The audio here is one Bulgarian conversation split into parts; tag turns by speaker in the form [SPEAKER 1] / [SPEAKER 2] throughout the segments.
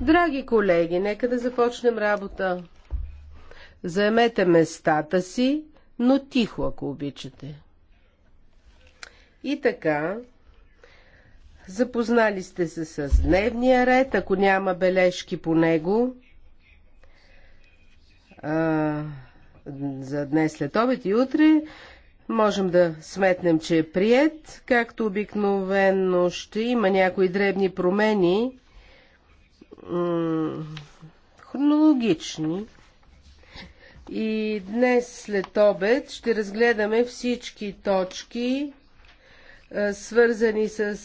[SPEAKER 1] Драги колеги, нека да започнем работа. Заемете местата си, но тихо, ако обичате. И така, запознали сте се с дневния ред, ако няма бележки по него. А, за днес след обед и утре Можем да сметнем, че е прият. Както обикновено ще има някои дребни промени хронологични. И днес след обед ще разгледаме всички точки, свързани с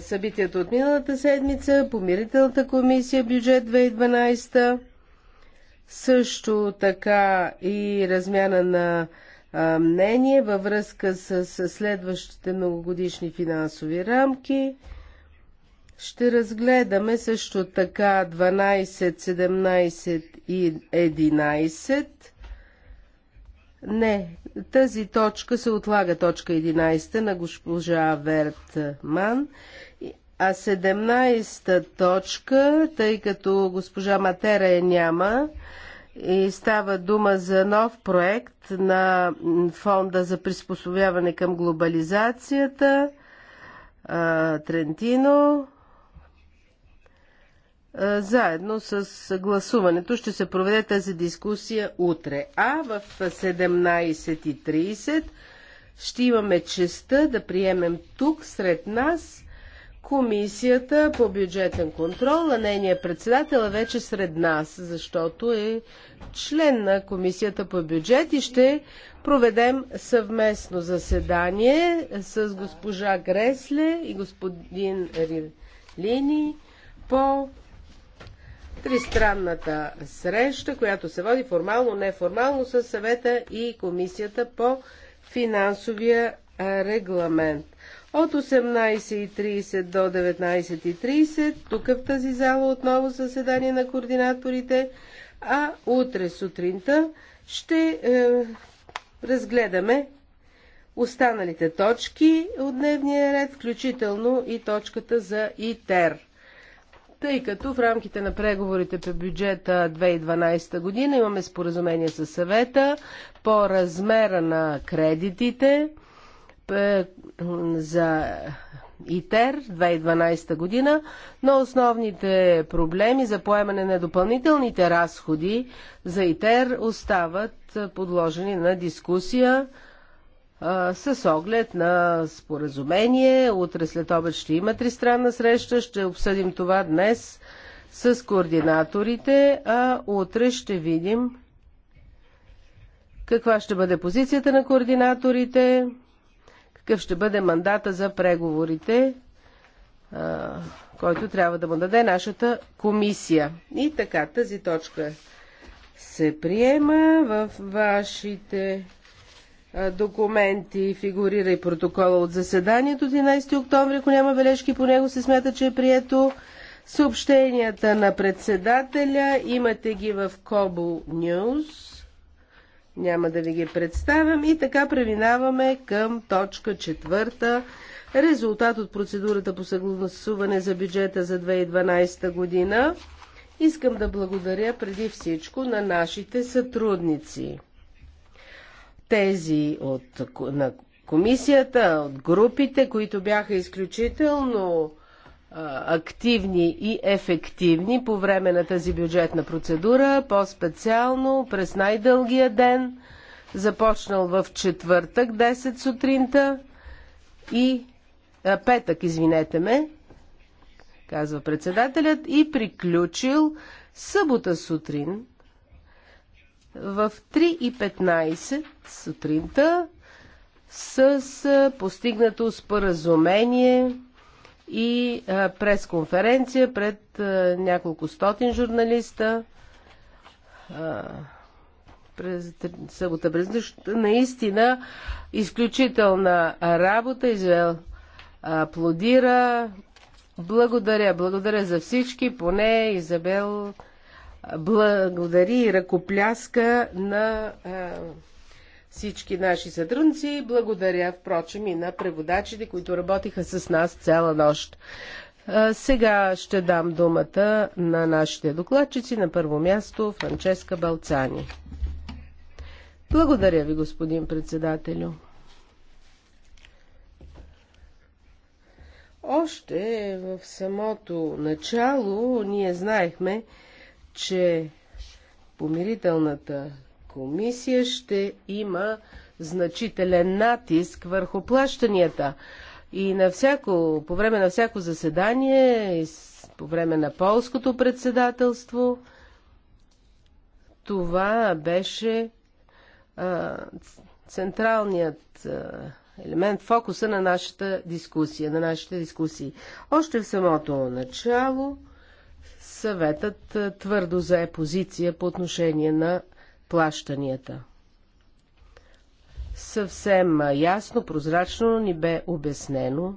[SPEAKER 1] събитието от миналата седмица, помирителната комисия, бюджет 2012, също така и размяна на мнение във връзка с следващите многогодишни финансови рамки. Ще разгледаме също така 12, 17 и 11. Не, тази точка се отлага точка 11 на госпожа Вертман. А 17-та точка, тъй като госпожа Матера е няма и става дума за нов проект на Фонда за приспособяване към глобализацията, Трентино, е, заедно с гласуването ще се проведе тази дискусия утре. А в 17.30 ще имаме честа да приемем тук сред нас Комисията по бюджетен контрол, а нейният председател е вече сред нас, защото е член на Комисията по бюджет и ще проведем съвместно заседание с госпожа Гресле и господин Рилини по тристранната среща, която се води формално-неформално с съвета и комисията по финансовия регламент. От 18.30 до 19.30, тук в тази зала отново съседание на координаторите, а утре сутринта ще е, разгледаме останалите точки от дневния ред, включително и точката за ИТЕР тъй като в рамките на преговорите по бюджета 2012 година имаме споразумение с съвета по размера на кредитите за ИТЕР 2012 година, но основните проблеми за поемане на допълнителните разходи за ИТЕР остават подложени на дискусия а, с оглед на споразумение. Утре след обед ще има тристранна среща. Ще обсъдим това днес с координаторите, а утре ще видим каква ще бъде позицията на координаторите, какъв ще бъде мандата за преговорите, а, който трябва да му даде нашата комисия. И така, тази точка се приема в вашите е, документи фигурира и протокола от заседанието 11 октомври. Ако няма бележки по него, се смята, че е прието съобщенията на председателя. Имате ги в Кобо Ньюс. Няма да ви ги представям. И така преминаваме към точка четвърта. Резултат от процедурата по съгласуване за бюджета за 2012 година. Искам да благодаря преди всичко на нашите сътрудници тези от, на комисията, от групите, които бяха изключително активни и ефективни по време на тази бюджетна процедура, по-специално през най-дългия ден, започнал в четвъртък 10 сутринта и а, петък, извинете ме, казва председателят, и приключил събота сутрин в 3.15 сутринта с постигнато споразумение и пресконференция пред няколко стотин журналиста през събота. През наистина изключителна работа. извел аплодира. Благодаря, благодаря за всички, поне Изабел благодари и ръкопляска на всички наши сътрудници. Благодаря, впрочем, и на преводачите, които работиха с нас цяла нощ. Сега ще дам думата на нашите докладчици. На първо място Франческа Балцани. Благодаря ви, господин председателю. Още в самото начало ние знаехме, че помирителната комисия ще има значителен натиск върху плащанията. И на всяко, по време на всяко заседание, по време на полското председателство, това беше а, централният а, елемент, фокуса на нашата дискусия, на нашите дискусии. Още в самото начало съветът е, твърдо зае позиция по отношение на плащанията. Съвсем ясно, прозрачно ни бе обяснено,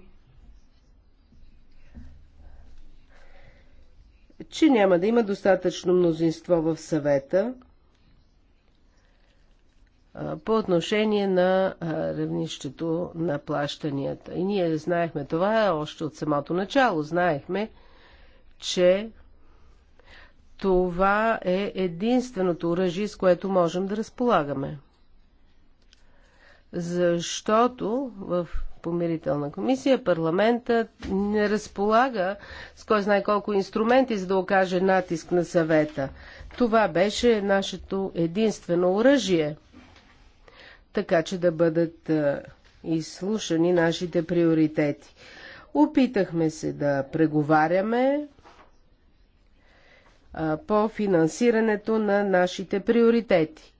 [SPEAKER 1] че няма да има достатъчно мнозинство в съвета е, по отношение на е, равнището на плащанията. И ние знаехме това още от самото начало. Знаехме, че това е единственото оръжие, с което можем да разполагаме. Защото в помирителна комисия парламентът не разполага с кой знае колко инструменти, за да окаже натиск на съвета. Това беше нашето единствено оръжие. Така че да бъдат изслушани нашите приоритети. Опитахме се да преговаряме по финансирането на нашите приоритети.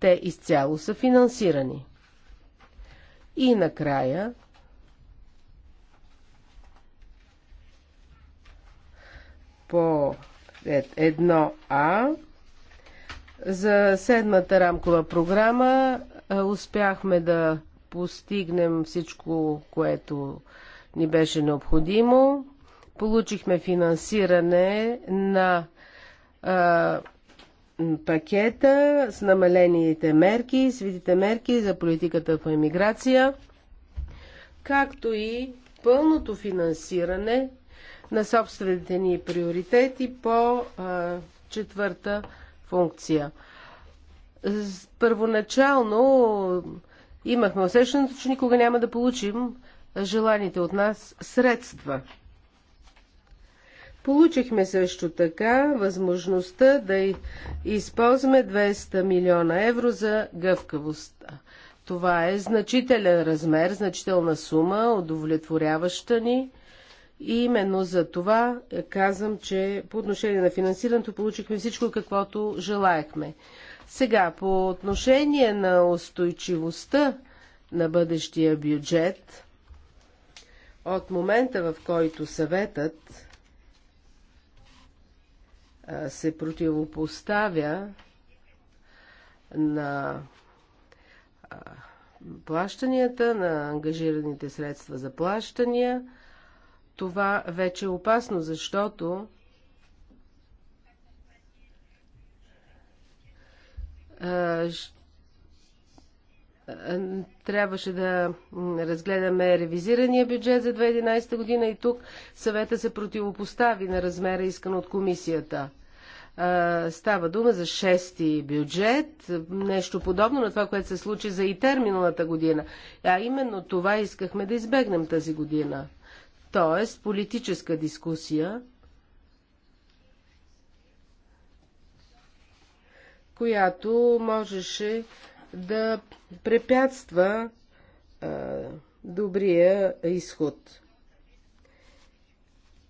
[SPEAKER 1] Те изцяло са финансирани. И накрая по 1А за седмата рамкова програма успяхме да постигнем всичко, което ни беше необходимо. Получихме финансиране на пакета с намалените мерки, с видите мерки за политиката по емиграция, както и пълното финансиране на собствените ни приоритети по а, четвърта функция. Първоначално имахме усещането, че никога няма да получим желаните от нас средства – Получихме също така възможността да използваме 200 милиона евро за гъвкавост. Това е значителен размер, значителна сума, удовлетворяваща ни. И именно за това казвам, че по отношение на финансирането получихме всичко, каквото желаехме. Сега, по отношение на устойчивостта на бъдещия бюджет, от момента в който съветът се противопоставя на плащанията, на ангажираните средства за плащания, това вече е опасно, защото трябваше да разгледаме ревизирания бюджет за 2011 година и тук съвета се противопостави на размера искан от комисията. Става дума за шести бюджет, нещо подобно на това, което се случи за и терминалната година. А именно това искахме да избегнем тази година. Тоест политическа дискусия, която можеше да препятства а, добрия изход.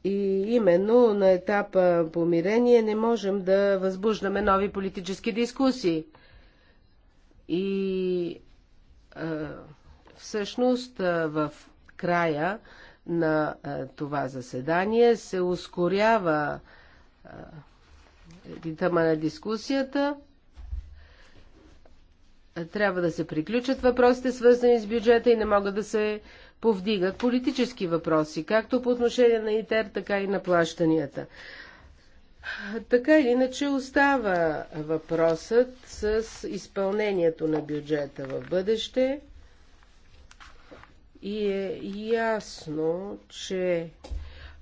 [SPEAKER 1] И именно на етапа помирение не можем да възбуждаме нови политически дискусии. И а, всъщност а, в края на а, това заседание се ускорява ритъма на дискусията. Трябва да се приключат въпросите, свързани с бюджета и не могат да се повдигат политически въпроси, както по отношение на ИТЕР, така и на плащанията. Така или иначе остава въпросът с изпълнението на бюджета в бъдеще и е ясно, че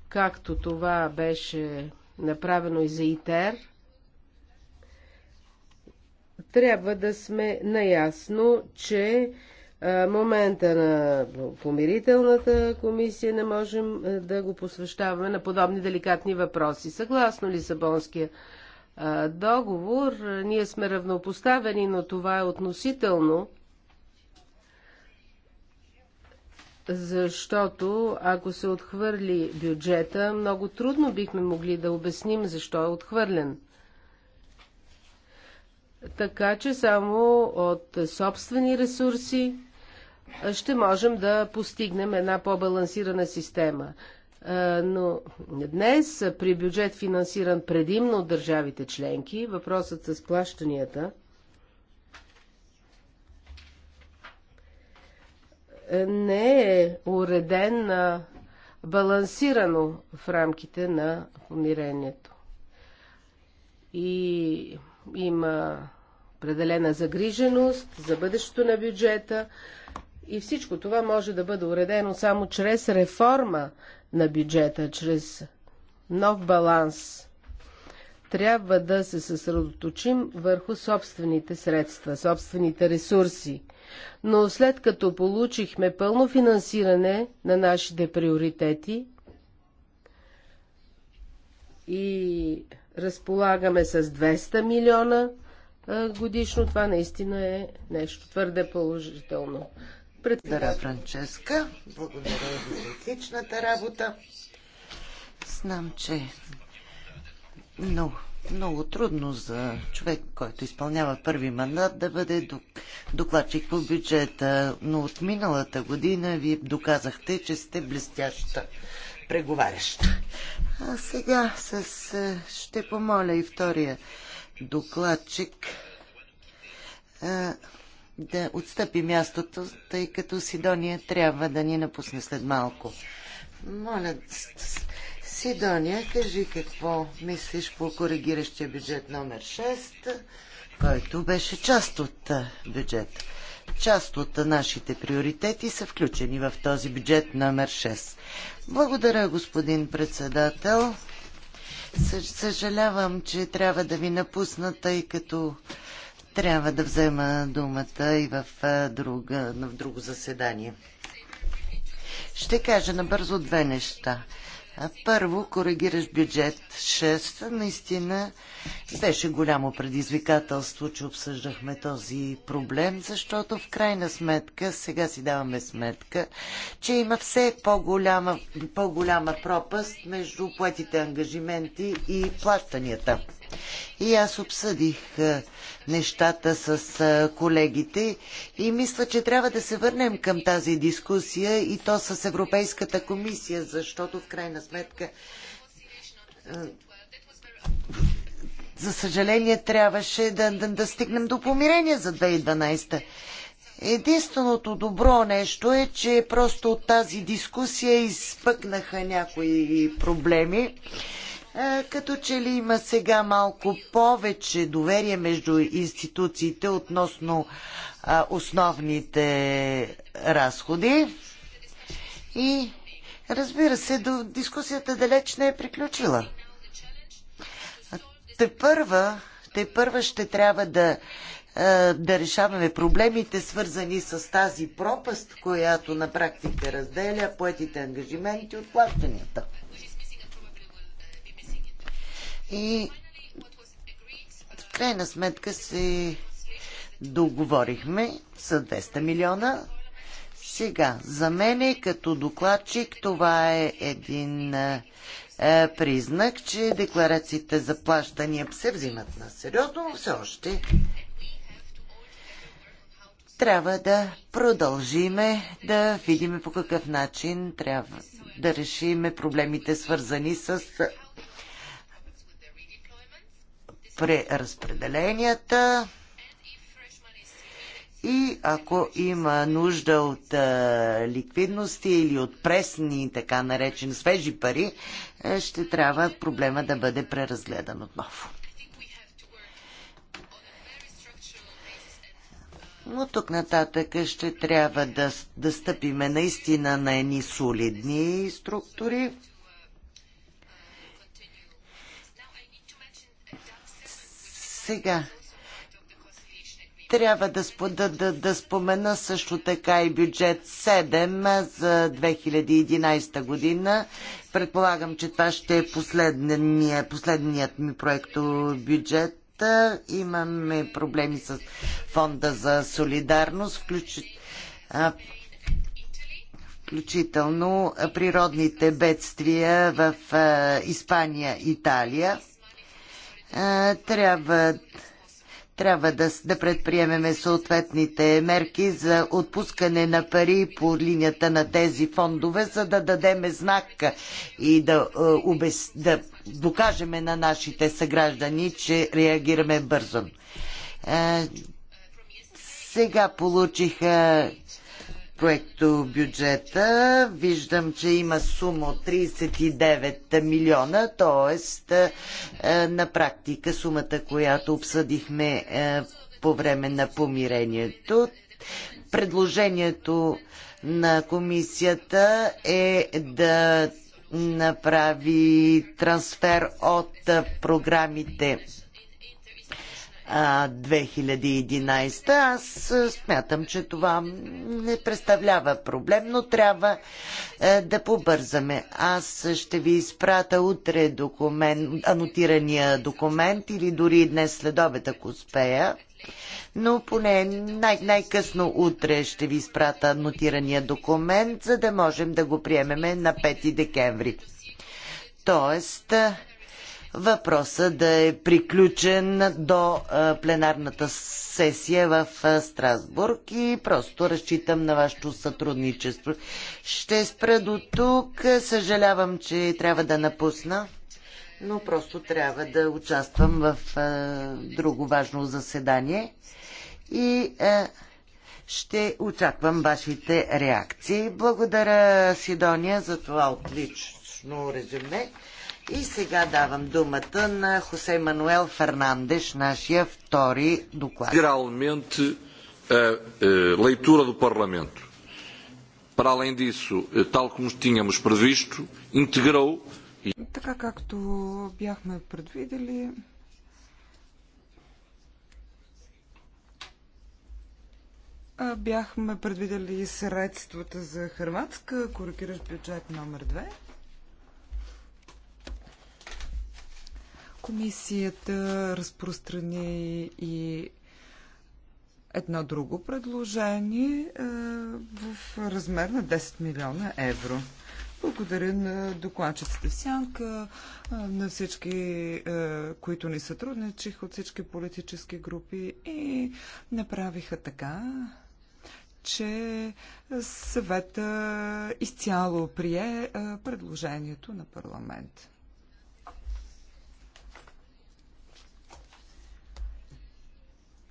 [SPEAKER 1] както това беше направено и за ИТЕР, трябва да сме наясно, че момента на помирителната комисия не можем да го посвещаваме на подобни деликатни въпроси. Съгласно Лисабонския договор, ние сме равнопоставени, но това е относително, защото ако се отхвърли бюджета, много трудно бихме могли да обясним защо е отхвърлен. Така че само от собствени ресурси ще можем да постигнем една по-балансирана система. Но днес при бюджет финансиран предимно от държавите членки, въпросът с плащанията е, не е уреден балансирано в рамките на помирението. И има определена загриженост за бъдещето на бюджета, и всичко това може да бъде уредено само чрез реформа на бюджета, чрез нов баланс. Трябва да се съсредоточим върху собствените средства, собствените ресурси. Но след като получихме пълно финансиране на нашите приоритети и разполагаме с 200 милиона годишно, това наистина е нещо твърде положително. Благодаря, Франческа.
[SPEAKER 2] Благодаря ви за отличната работа.
[SPEAKER 1] Знам, че много,
[SPEAKER 2] много трудно за човек, който изпълнява първи мандат, да бъде докладчик по бюджета, но от миналата година ви доказахте, че сте блестяща преговаряща. А сега с, ще помоля и втория докладчик да отстъпи мястото, тъй като Сидония трябва да ни напусне след малко. Моля, Сидония, кажи какво мислиш по коригиращия бюджет номер 6, който беше част от бюджета. Част от нашите приоритети са включени в този бюджет номер 6. Благодаря, господин председател. Съжалявам, че трябва да ви напусна, тъй като трябва да взема думата и в, друга, в друго заседание. Ще кажа набързо две неща. Първо, коригираш бюджет 6. Наистина беше голямо предизвикателство, че обсъждахме този проблем, защото в крайна сметка, сега си даваме сметка, че има все по-голяма, по-голяма пропаст между платите ангажименти и плащанията. И аз обсъдих е, нещата с е, колегите и мисля, че трябва да се върнем към тази дискусия и то с Европейската комисия, защото в крайна сметка е, за съжаление трябваше да, да, да стигнем до помирение за 2012. Единственото добро нещо е, че просто от тази дискусия изпъкнаха някои проблеми. Е, като че ли има сега малко повече доверие между институциите относно основните разходи. И разбира се, дискусията далеч не е приключила. Те първа, те първа ще трябва да, е, да решаваме проблемите, свързани с тази пропаст, която на практика разделя поетите ангажименти от плащанията. И в крайна сметка се договорихме с 200 милиона. Сега, за мен като докладчик това е един е, е, признак, че декларациите за плащания се взимат на сериозно, но все още трябва да продължиме да видим по какъв начин трябва да решиме проблемите свързани с преразпределенията и ако има нужда от а, ликвидности или от пресни, така наречени свежи пари, е, ще трябва проблема да бъде преразгледан отново. Но тук нататък ще трябва да, да стъпиме наистина на едни солидни структури Сега, трябва да, да, да, да спомена също така и бюджет 7 за 2011 година. Предполагам, че това ще е последния, последният ми проект бюджет. Имаме проблеми с фонда за солидарност, включително включително природните бедствия в Испания, Италия трябва трябва да, да предприемеме съответните мерки за отпускане на пари по линията на тези фондове, за да дадеме знак и да, обес, да докажеме на нашите съграждани, че реагираме бързо. Сега получиха проекто бюджета. Виждам, че има сума от 39 милиона, т.е. на практика сумата, която обсъдихме е, по време на помирението. Предложението на комисията е да направи трансфер от програмите 2011. Аз смятам, че това не представлява проблем, но трябва да побързаме. Аз ще ви изпрата утре документ, анотирания документ или дори днес след обед, ако успея. Но поне най- най-късно утре ще ви изпрата нотирания документ, за да можем да го приемеме на 5 декември. Тоест, въпроса да е приключен до пленарната сесия в Страсбург и просто разчитам на вашето сътрудничество. Ще спра до тук. Съжалявам, че трябва да напусна, но просто трябва да участвам в друго важно заседание и ще очаквам вашите реакции. Благодаря, Сидония, за това отлично резюме. И сега давам думата на Хосе Мануел Фернандеш, нашия втори доклад. Geralmente a leitura do Parlamento, para além disso, tal como tínhamos previsto, integrou
[SPEAKER 3] така както бяхме предвидели, бяхме предвидели средствата за Хрватска, коригираш бюджет номер 2. Комисията разпространи и едно друго предложение е, в размер на 10 милиона евро. Благодаря на докладчиците в Сянка, е, на всички, е, които ни сътрудничиха от всички политически групи и направиха така, че съвета изцяло прие предложението на парламент.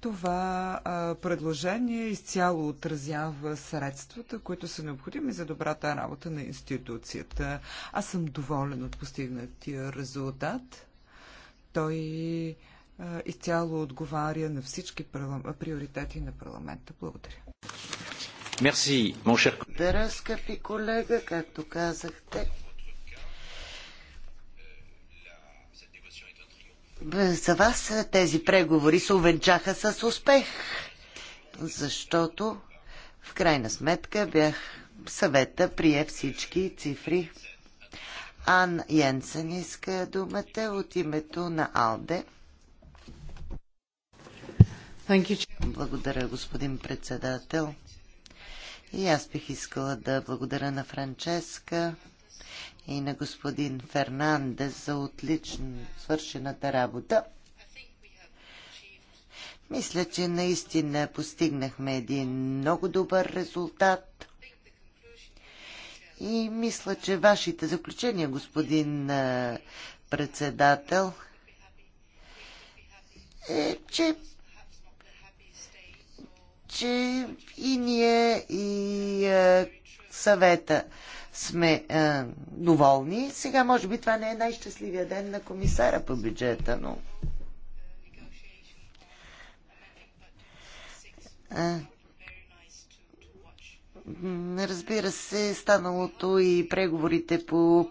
[SPEAKER 3] Това а, предложение изцяло отразява средствата, които са необходими за добрата работа на институцията. Аз съм доволен от постигнатия резултат. Той а, изцяло отговаря на всички приоритети на парламента. Благодаря.
[SPEAKER 2] Мерси, Благодаря, скъпи колега, както казахте. за вас тези преговори се увенчаха с успех, защото в крайна сметка бях съвета прие всички цифри. Ан Йенсен иска думата от името на Алде. Благодаря, господин председател. И аз бих искала да благодаря на Франческа и на господин Фернандес за отлично свършената работа. Мисля, че наистина постигнахме един много добър резултат. И мисля, че вашите заключения, господин председател, е, че че и ние, и е, съвета сме е, доволни. Сега, може би, това не е най-щастливия ден на комисара по бюджета, но. А, разбира се, станалото и преговорите по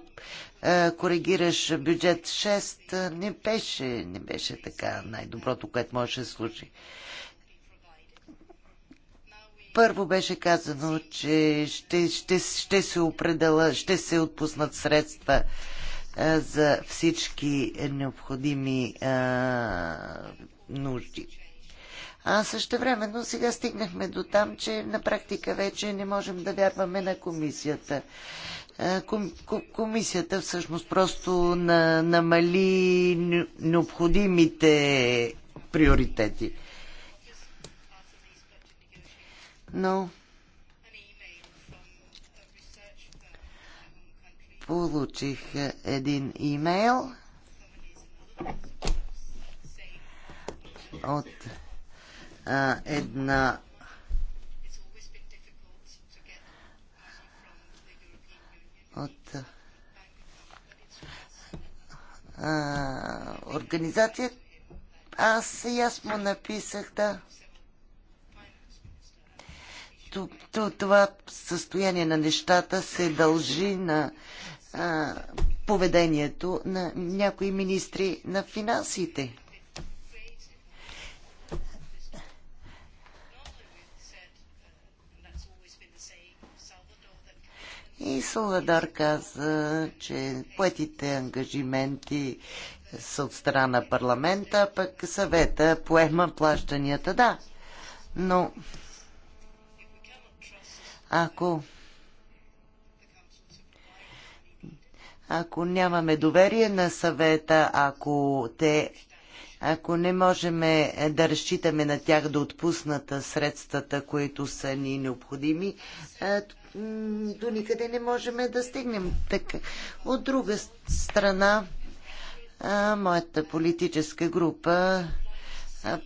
[SPEAKER 2] е, коригираш бюджет 6 е, не беше, не беше така най-доброто, което може да се случи. Първо беше казано, че ще, ще, ще, се, определа, ще се отпуснат средства а, е, за всички необходими а, е, нужди. А също времено сега стигнахме до там, че на практика вече не можем да вярваме на комисията. Е, ком, комисията всъщност просто намали необходимите приоритети но получих един имейл от а, една от а, организация. Аз и аз му написах, да това състояние на нещата се дължи на а, поведението на някои министри на финансите. И Салвадор каза, че поетите ангажименти са от страна на парламента, пък съвета поема плащанията. Да, но ако ако нямаме доверие на съвета, ако те ако не можем е, да разчитаме на тях да отпуснат средствата, които са ни необходими, е, до никъде не можем да стигнем. Така. От друга страна, е, моята политическа група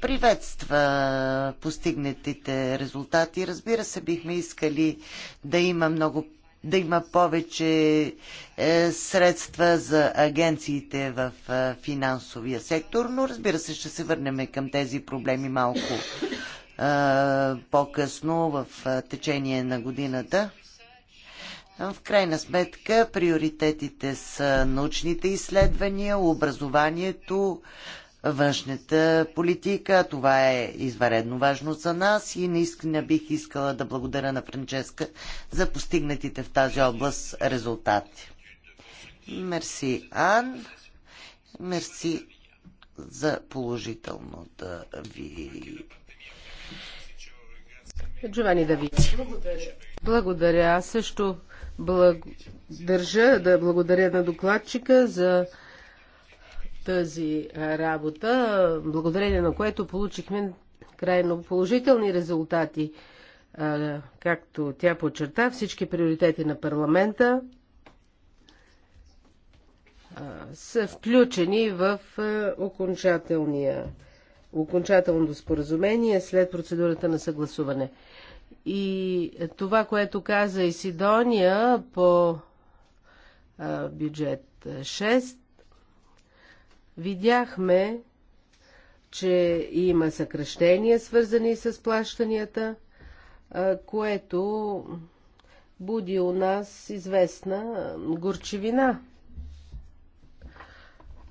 [SPEAKER 2] приветства постигнатите резултати. Разбира се, бихме искали да има много да има повече е, средства за агенциите в е, финансовия сектор, но разбира се, ще се върнем към тези проблеми малко е, по-късно в е, течение на годината. В крайна сметка приоритетите са научните изследвания, образованието, е, външната политика. Това е изваредно важно за нас и наистина бих искала да благодаря на Франческа за постигнатите в тази област резултати. Мерси, Ан. Мерси за да ви
[SPEAKER 1] Джовани Давици. Благодаря. Благодаря. Аз също благ... държа да благодаря на докладчика за тази работа, благодарение на което получихме крайно положителни резултати. Както тя подчерта, всички приоритети на парламента са включени в окончателния, окончателното споразумение след процедурата на съгласуване. И това, което каза и Сидония по бюджет 6, Видяхме, че има съкръщения, свързани с плащанията, което буди у нас известна горчевина.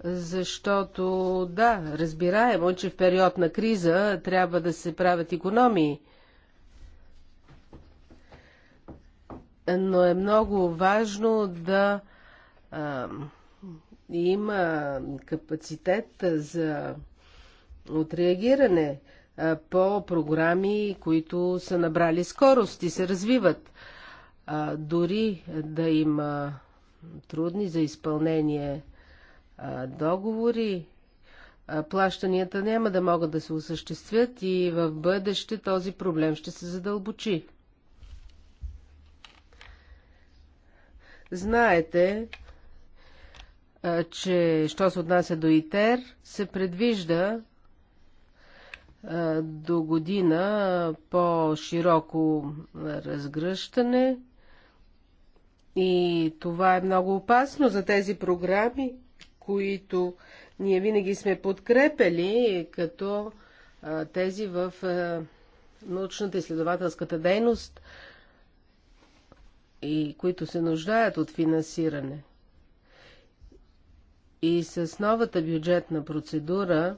[SPEAKER 1] Защото, да, разбираемо, че в период на криза трябва да се правят економии. Но е много важно да има капацитет за отреагиране по програми, които са набрали скорост и се развиват. Дори да има трудни за изпълнение договори, плащанията няма да могат да се осъществят и в бъдеще този проблем ще се задълбочи. Знаете, че, що се отнася до ИТЕР, се предвижда до година по-широко разгръщане и това е много опасно за тези програми, които ние винаги сме подкрепили, като тези в научната изследователската дейност и които се нуждаят от финансиране. И с новата бюджетна процедура,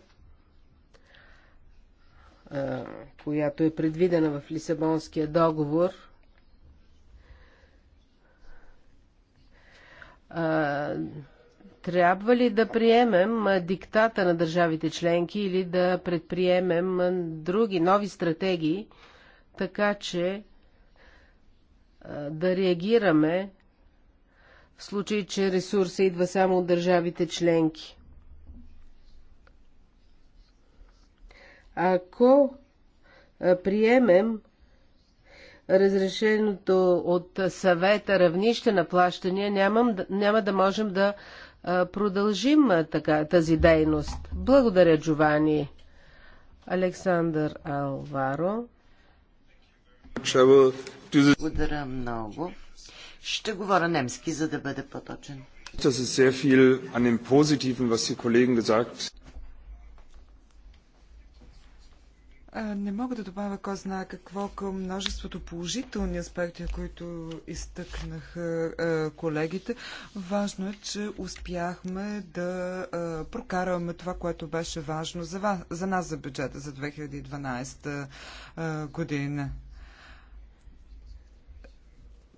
[SPEAKER 1] която е предвидена в Лисабонския договор, трябва ли да приемем диктата на държавите членки или да предприемем други нови стратегии, така че да реагираме в случай, че ресурса идва само от държавите членки. Ако приемем разрешеното от съвета равнище на плащания, нямам, няма да можем да продължим така, тази дейност. Благодаря, Джовани. Александър Алваро.
[SPEAKER 2] Благодаря много.
[SPEAKER 1] Ще говоря немски, за да бъде по-точен.
[SPEAKER 3] Das ist sehr viel an dem Positiven, was die Kollegen gesagt Не мога да добавя кой знае какво към множеството положителни аспекти, които изтъкнаха колегите. Важно е, че успяхме да прокараме това, което беше важно за, вас, за нас за бюджета за 2012 година.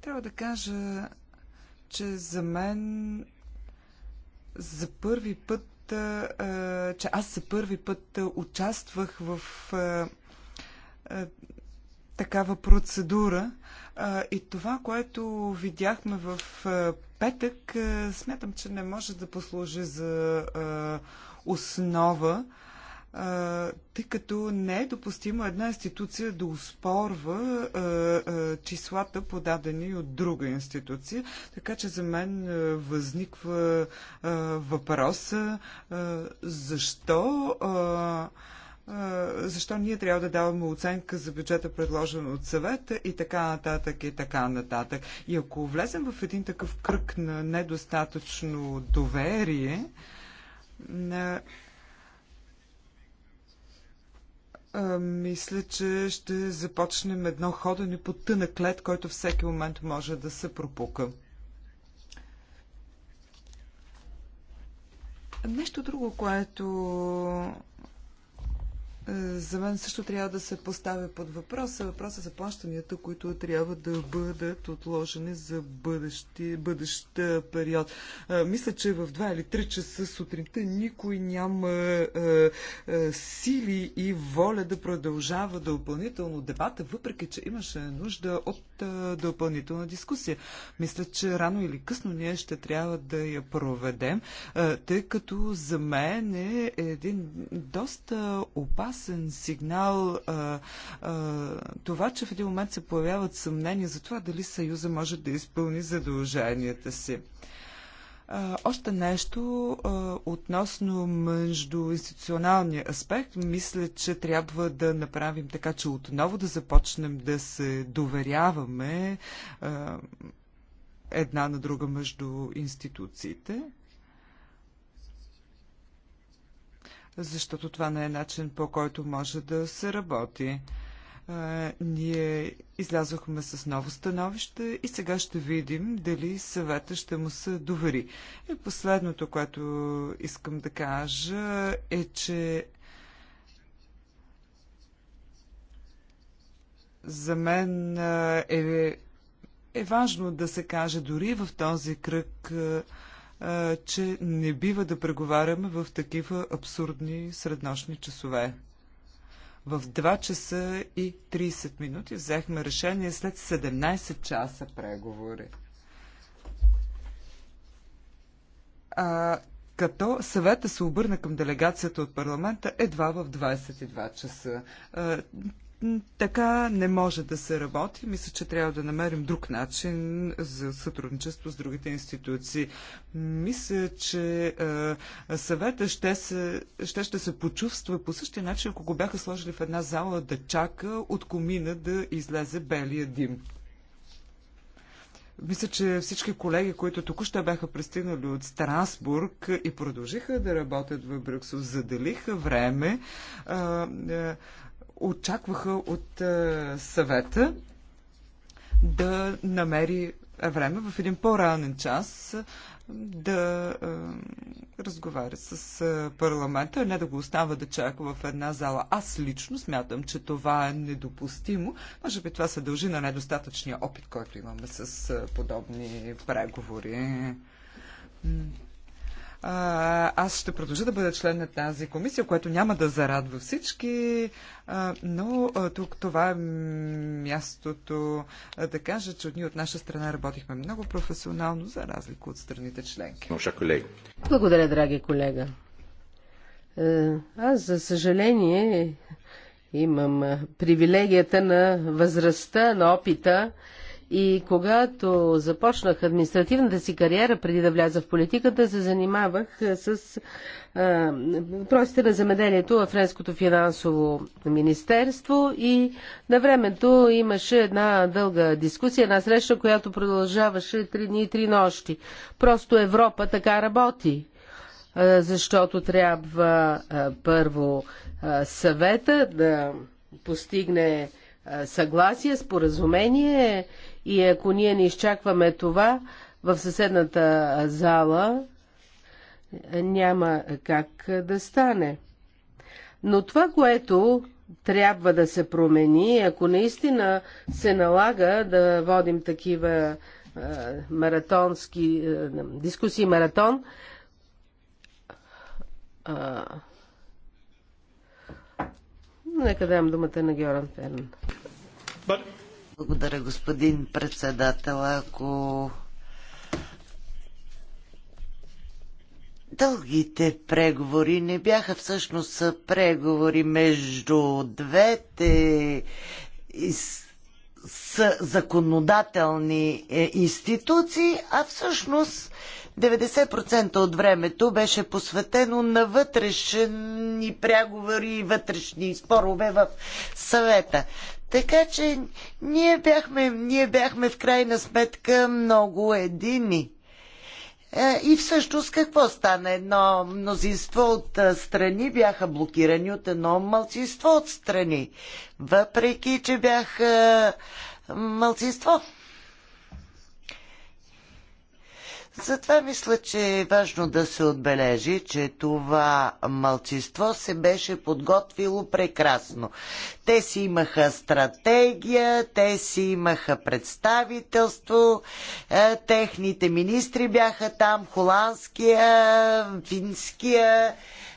[SPEAKER 3] Трябва да кажа, че за мен за първи път, че аз за първи път участвах в такава процедура. И това, което видяхме в петък, смятам, че не може да послужи за основа тъй като не е допустимо една институция да успорва числата подадени от друга институция. Така че за мен възниква въпроса защо защо ние трябва да даваме оценка за бюджета, предложен от съвета и така нататък и така нататък. И ако влезем в един такъв кръг на недостатъчно доверие, мисля, че ще започнем едно ходене по тънък лед, който всеки момент може да се пропука. Нещо друго, което за мен също трябва да се поставя под въпроса въпроса за плащанията, които трябва да бъдат отложени за бъдещи, бъдещ период. Мисля, че в 2 или 3 часа сутринта никой няма сили и воля да продължава допълнително дебата, въпреки, че имаше нужда от допълнителна дискусия. Мисля, че рано или късно ние ще трябва да я проведем, тъй като за мен е един доста опасен ясен сигнал а, а, това, че в един момент се появяват съмнения за това дали Съюза може да изпълни задълженията си. А, още нещо а, относно междуинституционалния аспект. Мисля, че трябва да направим така, че отново да започнем да се доверяваме а, една на друга между институциите. защото това не е начин по който може да се работи. А, е, ние излязохме с ново становище и сега ще видим дали съвета ще му се довери. И последното, което искам да кажа е, че за мен е, е важно да се каже дори в този кръг е, че не бива да преговаряме в такива абсурдни среднощни часове. В 2 часа и 30 минути взехме решение след 17 часа преговори. А, като съвета се обърна към делегацията от парламента едва в 22 часа. Така не може да се работи. Мисля, че трябва да намерим друг начин за сътрудничество с другите институции. Мисля, че е, съвета ще, се, ще ще се почувства по същия начин, ако го бяха сложили в една зала да чака от комина да излезе белия дим. Мисля, че всички колеги, които току-що бяха пристигнали от Страсбург и продължиха да работят в Брюксел, заделиха време. Е, е, очакваха от е, съвета да намери време в един по-ранен час е, да е, разговаря с е, парламента, не да го остава да чака в една зала. Аз лично смятам, че това е недопустимо. Може би това се дължи на недостатъчния опит, който имаме с е, подобни преговори. А, аз ще продължа да бъда член на тази комисия, което няма да зарадва всички, а, но а, тук това е мястото а, да кажа, че ние от наша страна работихме много професионално, за разлика от страните
[SPEAKER 1] членки. Благодаря, драги колега. Е, аз, за съжаление, имам привилегията на възрастта, на опита и когато започнах административната си кариера, преди да вляза в политиката, се занимавах с а, въпросите на замеделието в Френското финансово министерство и на времето имаше една дълга дискусия, една среща, която продължаваше три дни и три нощи. Просто Европа така работи защото трябва първо съвета да постигне съгласие, споразумение и ако ние не изчакваме това в съседната зала, няма как да стане. Но това, което трябва да се промени, ако наистина се налага да водим такива маратонски дискусии маратон, е, нека дам думата на Георан Ферн.
[SPEAKER 2] Благодаря, господин председател. Ако дългите преговори не бяха всъщност преговори между двете с законодателни е, институции, а всъщност 90% от времето беше посветено на вътрешни преговори и вътрешни спорове в съвета. Така че ние бяхме, ние бяхме в крайна сметка много едини. Е, и всъщност какво стана? Едно мнозинство от е, страни бяха блокирани от едно малцинство от страни, въпреки че бяха е, малцинство. Затова мисля, че е важно да се отбележи, че това мълчество се беше подготвило прекрасно. Те си имаха стратегия, те си имаха представителство, е, техните министри бяха там, холандския, финския,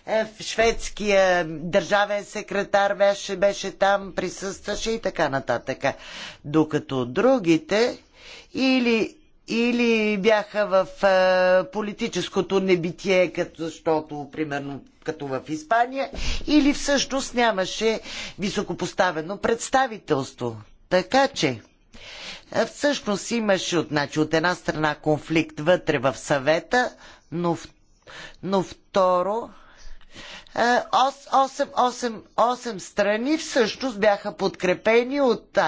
[SPEAKER 2] е, шведския държавен секретар беше, беше там, присъстваше и така нататък. Докато другите или или бяха в политическото небитие, като, защото, примерно, като в Испания, или всъщност нямаше високопоставено представителство. Така че, всъщност имаше значи, от една страна конфликт вътре в съвета, но, но второ, Осем 8 страни всъщност бяха подкрепени от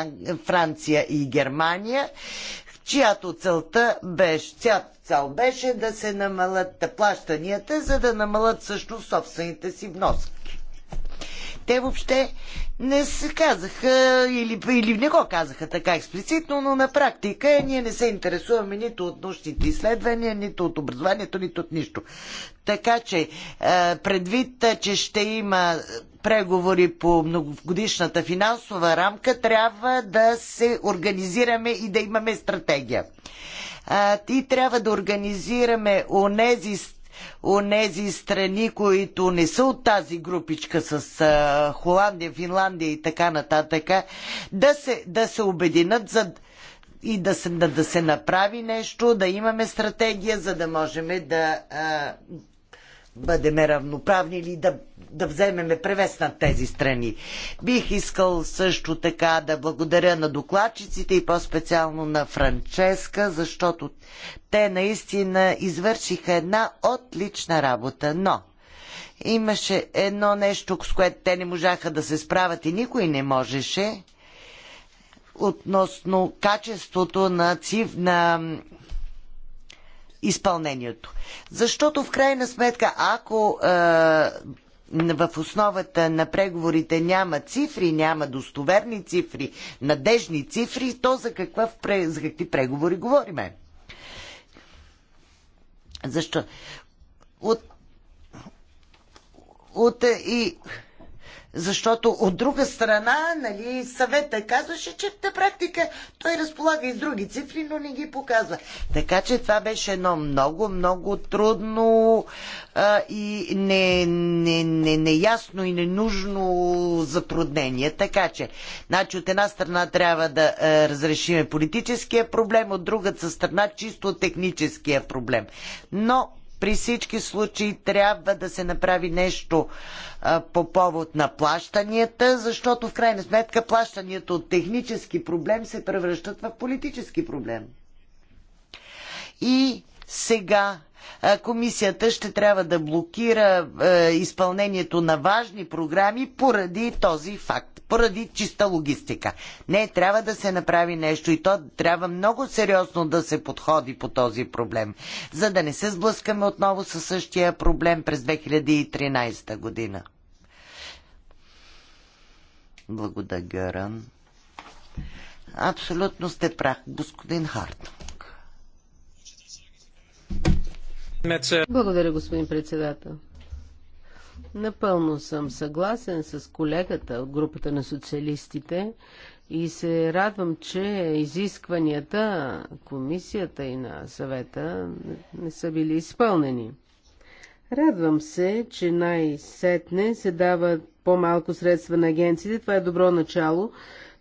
[SPEAKER 2] Франция и Германия чиято целта беше, цялата цял беше да се намалят плащанията, за да намалят също собствените си вноски. Те въобще не се казаха или, или не го казаха така експлицитно, но на практика ние не се интересуваме нито от научните изследвания, нито от образованието, нито от нищо. Така че е, предвид, че ще има преговори по многогодишната финансова рамка, трябва да се организираме и да имаме стратегия. И трябва да организираме онези онези страни, които не са от тази групичка с а, Холандия, Финландия и така нататък, да се, да се обединят за, и да се, да, да се направи нещо, да имаме стратегия, за да можем да а, бъдем равноправни или да да вземеме превес на тези страни. Бих искал също така да благодаря на докладчиците и по-специално на Франческа, защото те наистина извършиха една отлична работа. Но имаше едно нещо, с което те не можаха да се справят и никой не можеше относно качеството на, цив, на изпълнението. Защото в крайна сметка, ако е, в основата на преговорите няма цифри, няма достоверни цифри, надежни цифри, то за, каква, за какви преговори говориме? Защо? От, от и защото от друга страна, нали, съвета казваше, че в практика той разполага и с други цифри, но не ги показва. Така че това беше едно много, много трудно а, и неясно не, не, не, не и ненужно затруднение. Така че, значи от една страна трябва да а, разрешиме политическия проблем, от другата страна чисто техническия проблем. Но при всички случаи трябва да се направи нещо а, по повод на плащанията, защото в крайна сметка плащанията от технически проблем се превръщат в политически проблем. И сега комисията ще трябва да блокира изпълнението на важни програми поради този факт, поради чиста логистика. Не, трябва да се направи нещо и то трябва много сериозно да се подходи по този проблем, за да не се сблъскаме отново със същия проблем през 2013 година. Благодаря. Абсолютно сте прав, господин Харт.
[SPEAKER 1] Благодаря, господин председател. Напълно съм съгласен с колегата от групата на социалистите и се радвам, че изискванията комисията и на съвета не са били изпълнени. Радвам се, че най-сетне се дават по-малко средства на агенциите. Това е добро начало,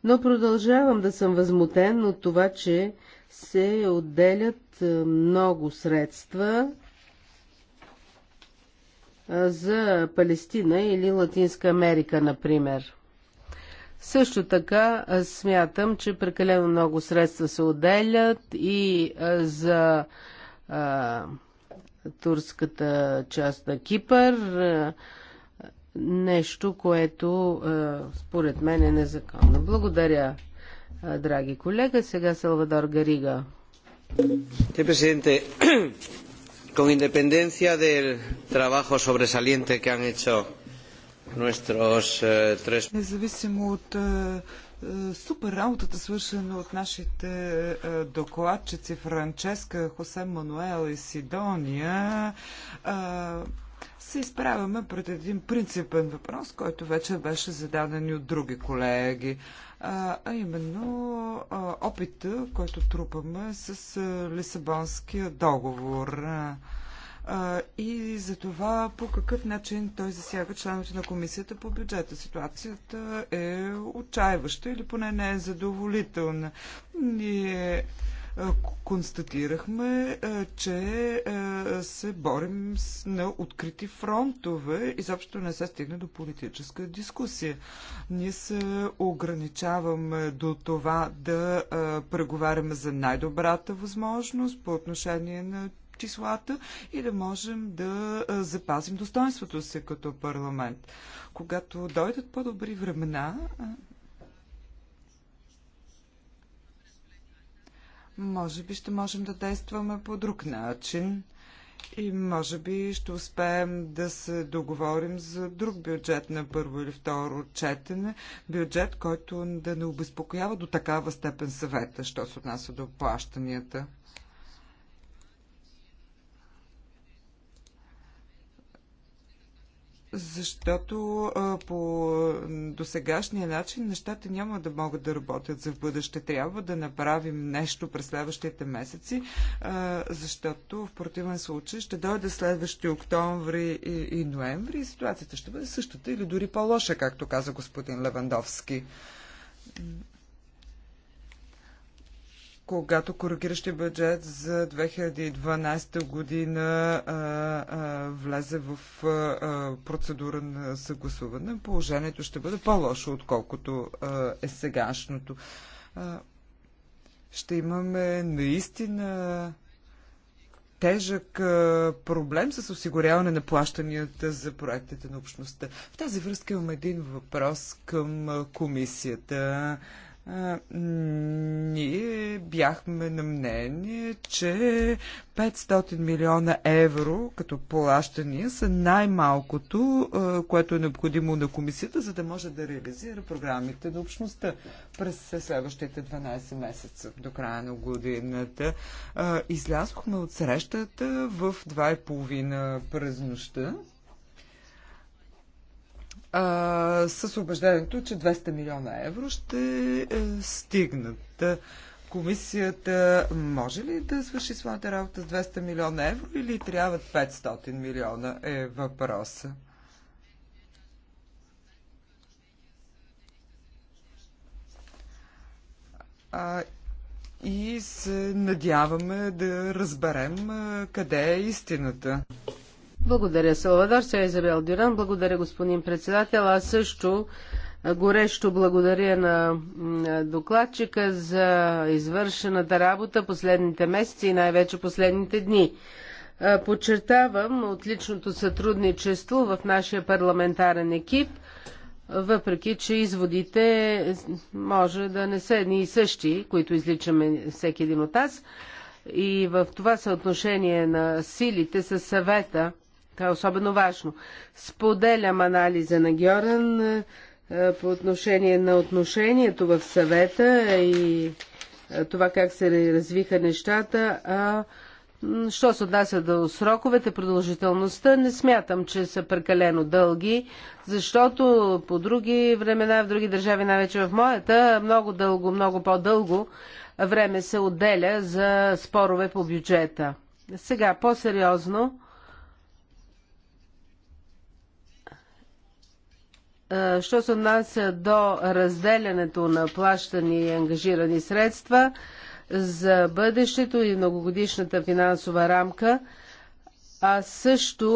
[SPEAKER 1] но продължавам да съм възмутен от това, че се отделят много средства за Палестина или Латинска Америка, например. Също така смятам, че прекалено много средства се отделят и за а, турската част на Кипър. нещо, което а, според мен е незаконно. Благодаря, а, драги колега. Сега Салвадор Гарига.
[SPEAKER 3] Те, президенте, con independencia del trabajo sobresaliente que han hecho nuestros eh, tres. Независимо от е, е, супер работата, свършена от нашите е, докладчици Франческа, Хосе Мануел и Сидония, се изправяме пред един принципен въпрос, който вече беше зададен и от други колеги, а именно опита, който трупаме с Лисабонския договор и за това по какъв начин той засяга членовете на комисията по бюджета. Ситуацията е отчаиваща или поне не е задоволителна. Ние констатирахме, че се борим на открити фронтове и заобщо не се стигне до политическа дискусия. Ние се ограничаваме до това да преговаряме за най-добрата възможност по отношение на числата и да можем да запазим достоинството си като парламент. Когато дойдат по-добри времена, Може би ще можем да действаме по друг начин и може би ще успеем да се договорим за друг бюджет на първо или второ четене. Бюджет, който да не обезпокоява до такава степен съвета, що се отнася до плащанията. Защото а, по досегашния начин нещата няма да могат да работят за в бъдеще. Трябва да направим нещо през следващите месеци, а, защото в противен случай ще дойде следващи октомври и, и ноември и ситуацията ще бъде същата или дори по-лоша, както каза господин Левандовски когато коригиращия бюджет за 2012 година а, а, влезе в а, процедура на съгласуване, положението ще бъде по-лошо, отколкото а, е сегашното. А, ще имаме наистина тежък проблем с осигуряване на плащанията за проектите на общността. В тази връзка имам един въпрос към комисията ние бяхме на мнение, че 500 милиона евро като плащания са най-малкото, което е необходимо на комисията, за да може да реализира програмите на общността през следващите 12 месеца до края на годината. Излязохме от срещата в 2,5 през нощта а, с убеждението, че 200 милиона евро ще е, стигнат. Комисията може ли да свърши своята работа с 200 милиона евро или трябват 500 милиона е въпроса? А, и се надяваме да разберем къде е истината.
[SPEAKER 1] Благодаря, Салвадор. Сега Изабел Дюран. Благодаря, господин председател. Аз също горещо благодаря на докладчика за извършената работа последните месеци и най-вече последните дни. Подчертавам отличното сътрудничество в нашия парламентарен екип, въпреки че изводите може да не са едни и същи, които изличаме всеки един от нас. И в това съотношение на силите с съвета това е особено важно. Споделям анализа на Гьоран е, е, по отношение на отношението в съвета и е, това как се развиха нещата. А, що се отнася до сроковете, продължителността, не смятам, че са прекалено дълги, защото по други времена, в други държави, най-вече в моята, много дълго, много по-дълго време се отделя за спорове по бюджета. Сега по-сериозно Що се отнася до разделянето на плащани и ангажирани средства за бъдещето и многогодишната финансова рамка, а също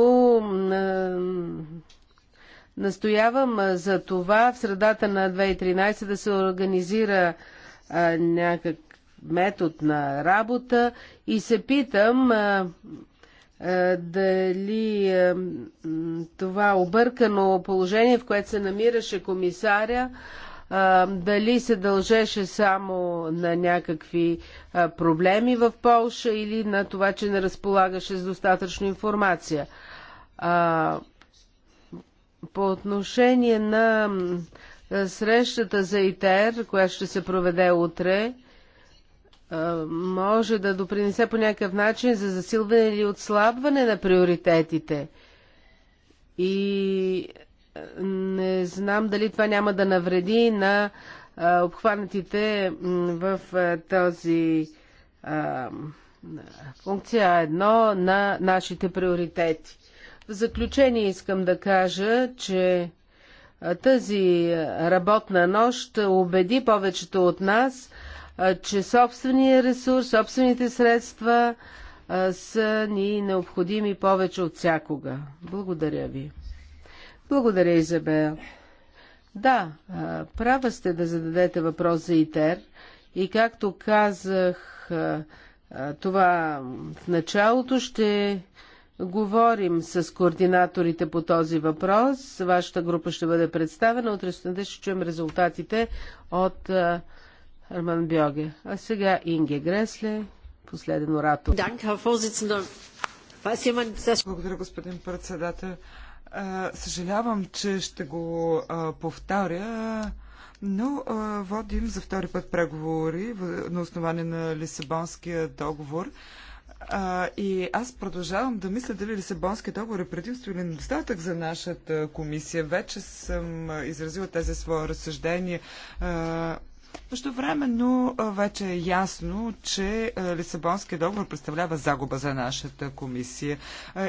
[SPEAKER 1] настоявам за това в средата на 2013 да се организира някакъв метод на работа и се питам е, дали е, това объркано положение, в което се намираше комисаря, е, дали се дължеше само на някакви проблеми в Полша или на това, че не разполагаше с достатъчно информация. По отношение на срещата за ИТР, която ще се проведе утре, може да допринесе по някакъв начин за засилване или отслабване на приоритетите. И не знам дали това няма да навреди на обхванатите в този функция едно на нашите приоритети. В заключение искам да кажа, че тази работна нощ убеди повечето от нас – че собствения ресурс, собствените средства са ни необходими повече от всякога. Благодаря ви. Благодаря, Изабел. Да, права сте да зададете въпрос за ИТЕР. И както казах това в началото, ще говорим с координаторите по този въпрос. Вашата група ще бъде представена. Утре ще чуем резултатите от Арман Бьоге. А сега Инге Гресле, последен оратор.
[SPEAKER 3] Благодаря, господин председател. Съжалявам, че ще го повторя, но водим за втори път преговори на основание на Лисабонския договор. и аз продължавам да мисля дали Лисабонския договор е предимство или недостатък за нашата комисия. Вече съм изразила тези свои разсъждения Междувременно вече е ясно, че Лисабонския договор представлява загуба за нашата комисия.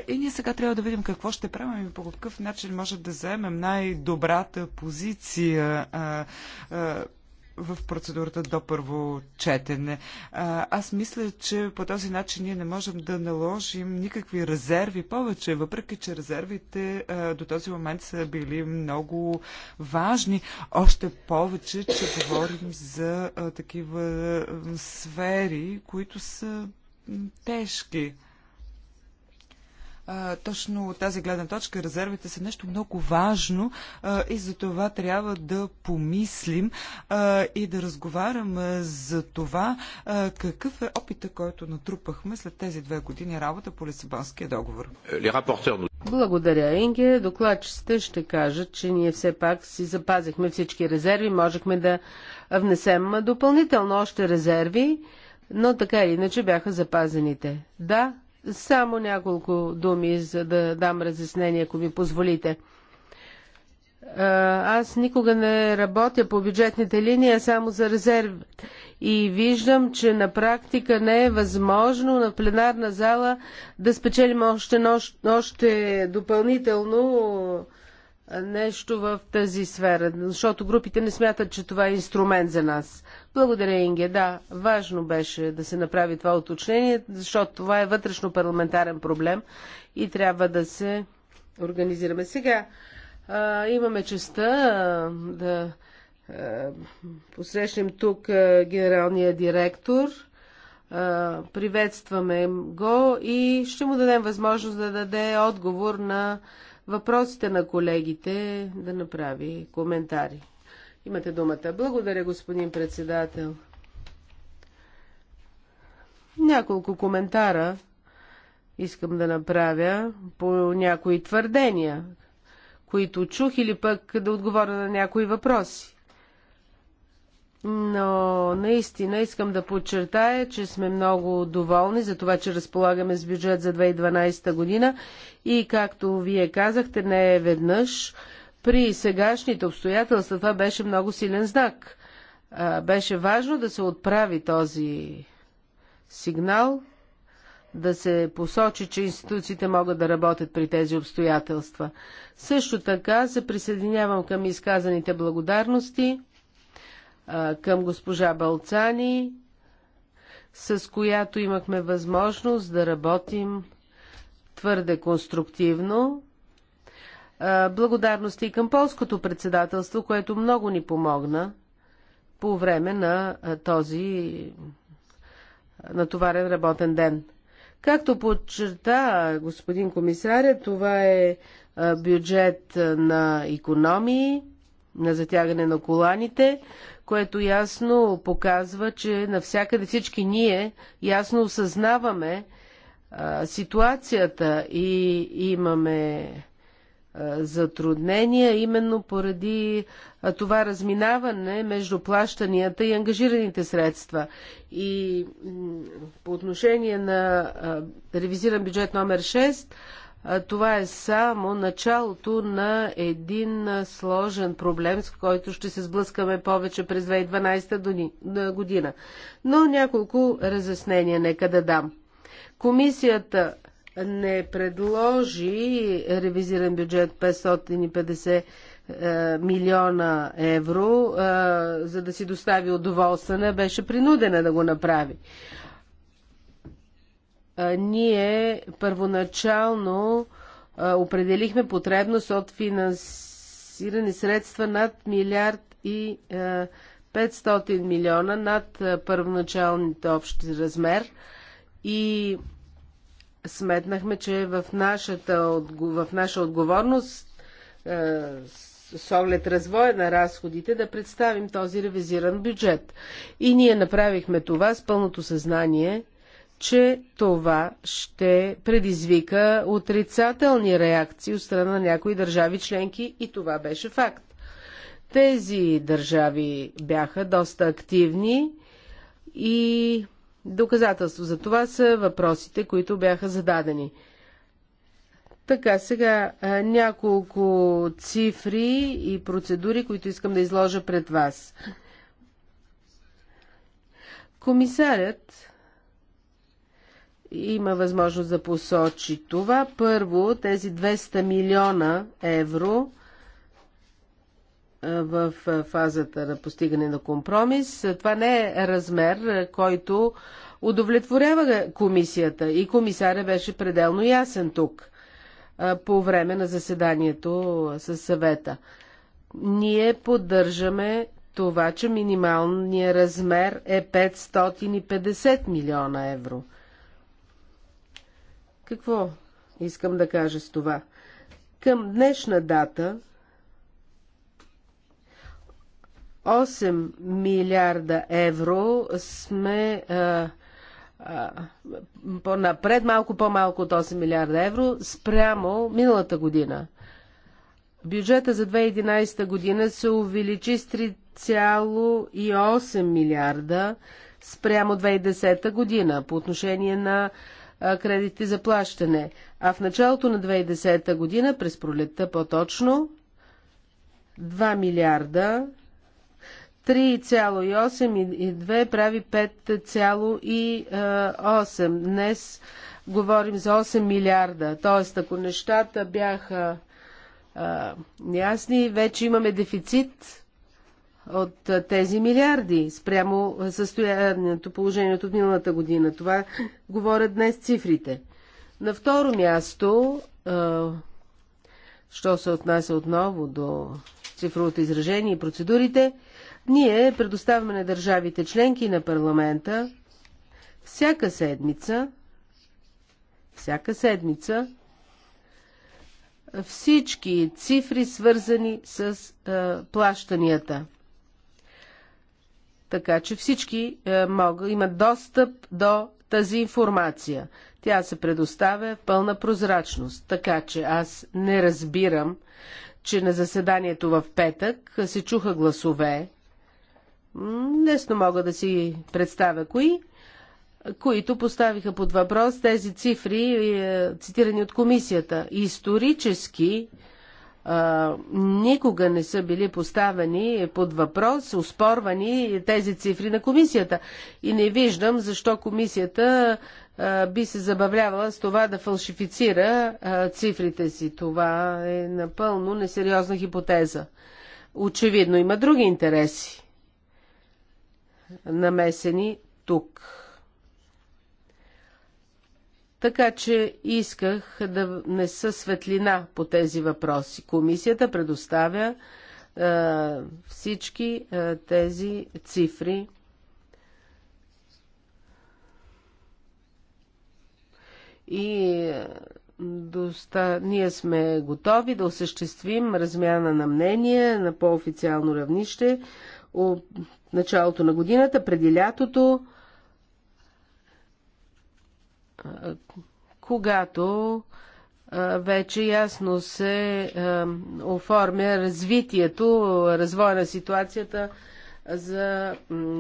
[SPEAKER 3] И ние сега трябва да видим какво ще правим и по какъв начин може да заемем най-добрата позиция в процедурата до първо четене. Аз мисля, че по този начин ние не можем да наложим никакви резерви повече, въпреки че резервите до този момент са били много важни. Още повече, че говорим за такива сфери, които са тежки точно от тази гледна точка резервите са нещо много важно а, и за това трябва да помислим а, и да разговаряме за това а, какъв е опита, който натрупахме след тези две години работа по Лисабонския договор.
[SPEAKER 1] Благодаря, Инге. Докладчиците ще кажат, че ние все пак си запазихме всички резерви, можехме да внесем допълнително още резерви, но така или иначе бяха запазените. Да, само няколко думи, за да дам разяснение, ако ми позволите. Аз никога не работя по бюджетните линии, а само за резерв. И виждам, че на практика не е възможно на пленарна зала да спечелим още, още допълнително нещо в тази сфера, защото групите не смятат, че това е инструмент за нас. Благодаря, Инге. Да, важно беше да се направи това уточнение, защото това е вътрешно парламентарен проблем и трябва да се организираме. Сега а, имаме честа а, да а, посрещнем тук а, генералния директор. А, приветстваме го и ще му дадем възможност да даде отговор на въпросите на колегите да направи коментари. Имате думата. Благодаря, господин председател. Няколко коментара искам да направя по някои твърдения, които чух или пък да отговоря на някои въпроси но наистина искам да подчертая, че сме много доволни за това, че разполагаме с бюджет за 2012 година и както вие казахте, не е веднъж. При сегашните обстоятелства това беше много силен знак. Беше важно да се отправи този сигнал, да се посочи, че институциите могат да работят при тези обстоятелства. Също така се присъединявам към изказаните благодарности към госпожа Балцани, с която имахме възможност да работим твърде конструктивно. Благодарности и към полското председателство, което много ни помогна по време на този натоварен работен ден. Както подчерта господин комисаря, това е бюджет на економии, на затягане на коланите, което ясно показва, че навсякъде всички ние ясно осъзнаваме а, ситуацията и имаме а, затруднения именно поради а, това разминаване между плащанията и ангажираните средства. И по отношение на ревизиран бюджет номер 6, това е само началото на един сложен проблем, с който ще се сблъскаме повече през 2012 година. Но няколко разяснения нека да дам. Комисията не предложи ревизиран бюджет 550 е, милиона евро, е, за да си достави удоволствие, беше принудена да го направи ние първоначално определихме потребност от финансирани средства над милиард и 500 милиона над първоначалните общи размер и сметнахме, че в, нашата, в наша отговорност с оглед развоя на разходите да представим този ревизиран бюджет. И ние направихме това с пълното съзнание – че това ще предизвика отрицателни реакции от страна на някои държави членки и това беше факт. Тези държави бяха доста активни и доказателство за това са въпросите, които бяха зададени. Така, сега няколко цифри и процедури, които искам да изложа пред вас. Комисарят има възможност да посочи това. Първо, тези 200 милиона евро в фазата на постигане на компромис. Това не е размер, който удовлетворява комисията и комисаря беше пределно ясен тук по време на заседанието със съвета. Ние поддържаме това, че минималният размер е 550 милиона евро – какво искам да кажа с това? Към днешна дата 8 милиарда евро сме а, а, по-напред, малко по-малко от 8 милиарда евро спрямо миналата година. Бюджета за 2011 година се увеличи с 3,8 милиарда спрямо 2010 година по отношение на кредити за плащане. А в началото на 2010 година, през пролетта по-точно, 2 милиарда 3,8 и 2 прави 5,8. Днес говорим за 8 милиарда. Тоест, ако нещата бяха а, ясни, вече имаме дефицит от тези милиарди спрямо състоянието, положението от миналата година. Това говорят днес цифрите. На второ място, що се отнася отново до цифровото изражение и процедурите, ние предоставяме на държавите членки на парламента всяка седмица, всяка седмица, всички цифри свързани с а, плащанията така че всички е, могат, имат достъп до тази информация. Тя се предоставя в пълна прозрачност, така че аз не разбирам, че на заседанието в петък се чуха гласове, лесно мога да си представя кои, които поставиха под въпрос тези цифри, е, цитирани от комисията. Исторически никога не са били поставени под въпрос, успорвани тези цифри на комисията. И не виждам защо комисията би се забавлявала с това да фалшифицира цифрите си. Това е напълно несериозна хипотеза. Очевидно има други интереси, намесени тук. Така че исках да внеса светлина по тези въпроси. Комисията предоставя а, е, всички а, е, тези цифри. И е, доста... ние сме готови да осъществим размяна на мнение на по-официално равнище от началото на годината, преди лятото когато вече ясно се оформя развитието, развоя на ситуацията за,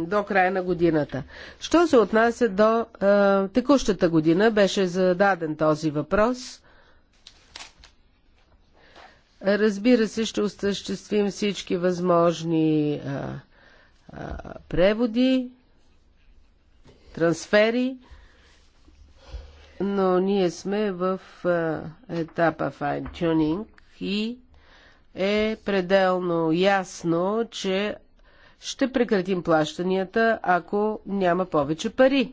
[SPEAKER 1] до края на годината. Що се отнася до текущата година, беше зададен този въпрос. Разбира се, ще осъществим всички възможни а, а, преводи, трансфери но ние сме в етапа fine tuning и е пределно ясно, че ще прекратим плащанията, ако няма повече пари.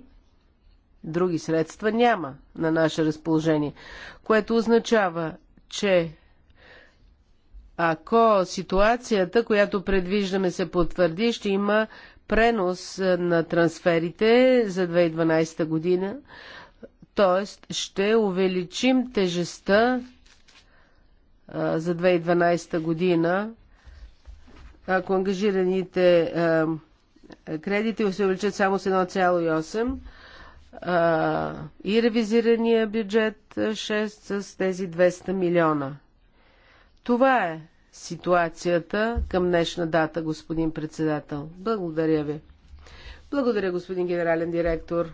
[SPEAKER 1] Други средства няма на наше разположение, което означава, че ако ситуацията, която предвиждаме се потвърди, ще има пренос на трансферите за 2012 година т.е. ще увеличим тежестта за 2012 година, ако ангажираните кредити се увеличат само с 1,8 и ревизирания бюджет 6 с тези 200 милиона. Това е ситуацията към днешна дата, господин председател. Благодаря ви. Благодаря, господин генерален директор.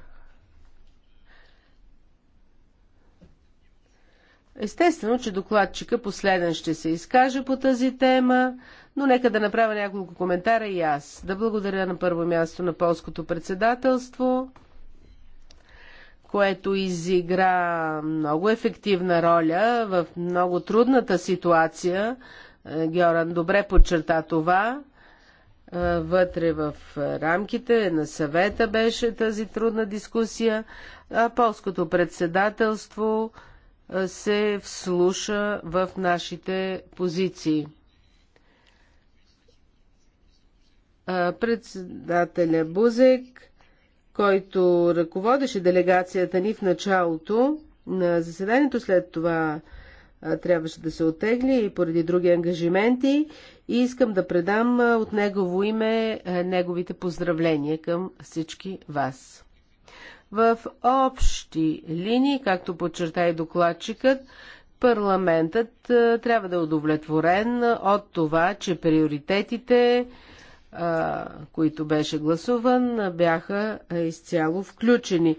[SPEAKER 1] Естествено, че докладчика последен ще се изкаже по тази тема, но нека да направя няколко коментара и аз. Да благодаря на първо място на полското председателство, което изигра много ефективна роля в много трудната ситуация. Е, Георан добре подчерта това. Е, вътре в рамките на съвета беше тази трудна дискусия. полското председателство се вслуша в нашите позиции. Председателя Бузек, който ръководеше делегацията ни в началото на заседанието, след това трябваше да се отегли и поради други ангажименти и искам да предам от негово име неговите поздравления към всички вас. В общи линии, както подчерта и докладчикът, парламентът е, трябва да е удовлетворен от това, че приоритетите, е, които беше гласуван, бяха изцяло включени.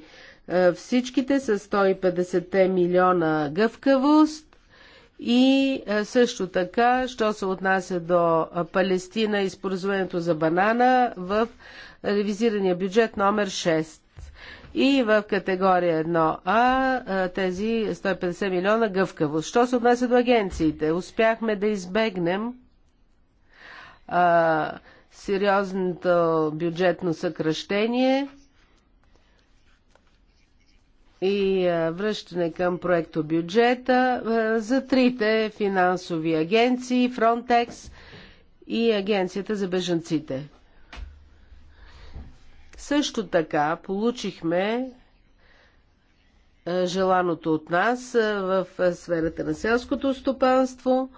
[SPEAKER 1] Е, всичките са 150 милиона гъвкавост и също така, що се отнася до Палестина и споразумението за банана в ревизирания бюджет номер 6. И в категория 1А тези 150 милиона гъвкавост. Що се отнася до агенциите? Успяхме да избегнем а, сериозното бюджетно съкръщение и връщане към проекто бюджета за трите финансови агенции, Frontex и Агенцията за бежанците. Също така получихме е, желаното от нас е, в сферата на селското стопанство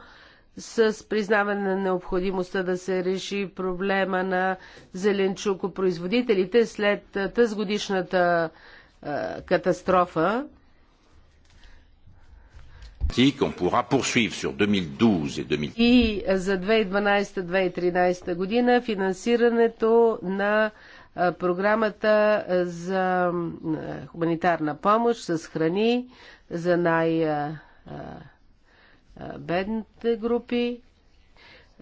[SPEAKER 1] с признаване на необходимостта да се реши проблема на зеленчукопроизводителите след е, тази годишната катастрофа. И за 2012-2013 година финансирането на програмата за хуманитарна помощ с храни за най-бедните групи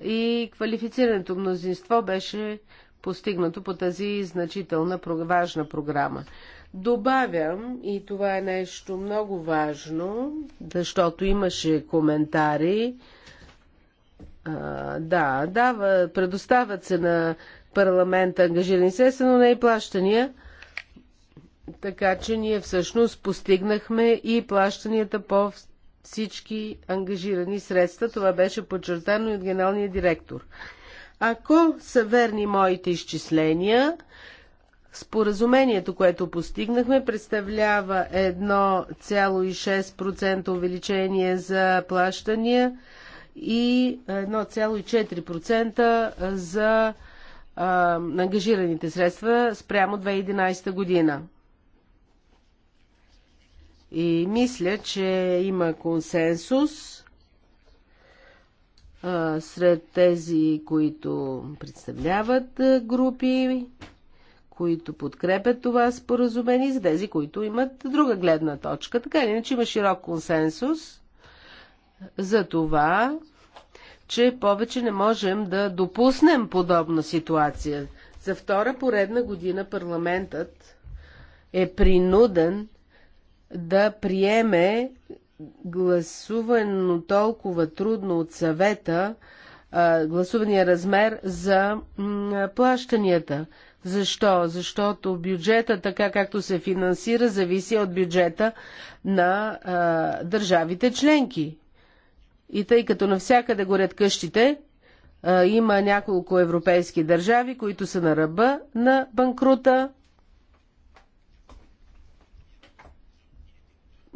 [SPEAKER 1] и квалифицираното мнозинство беше постигнато по тази значителна, важна програма. Добавям, и това е нещо много важно, защото имаше коментари, а, да, дава, предоставят се на парламента ангажирани но не и плащания. Така че ние всъщност постигнахме и плащанията по всички ангажирани средства. Това беше подчертано и от генералния директор. Ако са верни моите изчисления, споразумението, което постигнахме, представлява 1,6% увеличение за плащания и 1,4% за на ангажираните средства спрямо 2011 година. И мисля, че има консенсус а, сред тези, които представляват групи, които подкрепят това споразумение и за тези, които имат друга гледна точка. Така или иначе има широк консенсус за това че повече не можем да допуснем подобна ситуация. За втора поредна година парламентът е принуден да приеме гласувано толкова трудно от съвета гласувания размер за плащанията. Защо? Защото бюджета, така както се финансира, зависи от бюджета на а, държавите членки. И тъй като навсякъде горят къщите, има няколко европейски държави, които са на ръба на банкрута.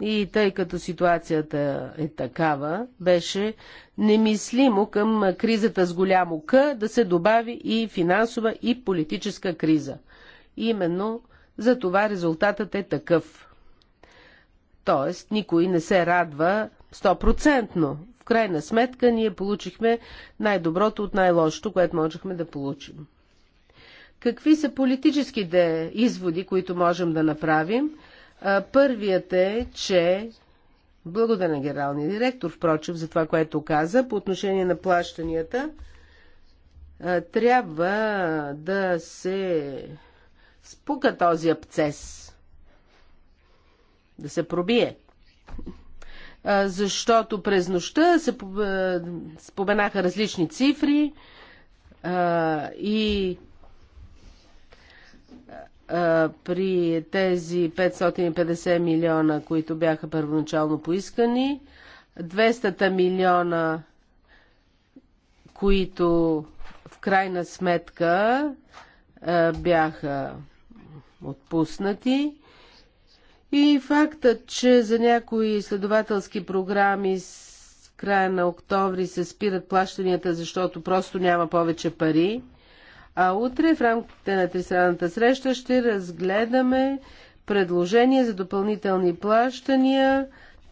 [SPEAKER 1] И тъй като ситуацията е такава, беше немислимо към кризата с голямо К да се добави и финансова и политическа криза. Именно за това резултатът е такъв. Тоест, никой не се радва стопроцентно в крайна сметка ние получихме най-доброто от най-лошото, което можехме да получим. Какви са политическите изводи, които можем да направим? Първият е, че благодаря на генералния директор, впрочем, за това, което каза по отношение на плащанията. Трябва да се спука този абцес, да се пробие защото през нощта се споменаха различни цифри и при тези 550 милиона, които бяха първоначално поискани, 200 милиона, които в крайна сметка бяха отпуснати и фактът, че за някои изследователски програми с края на октомври се спират плащанията, защото просто няма повече пари, а утре в рамките на тристранната среща ще разгледаме предложение за допълнителни плащания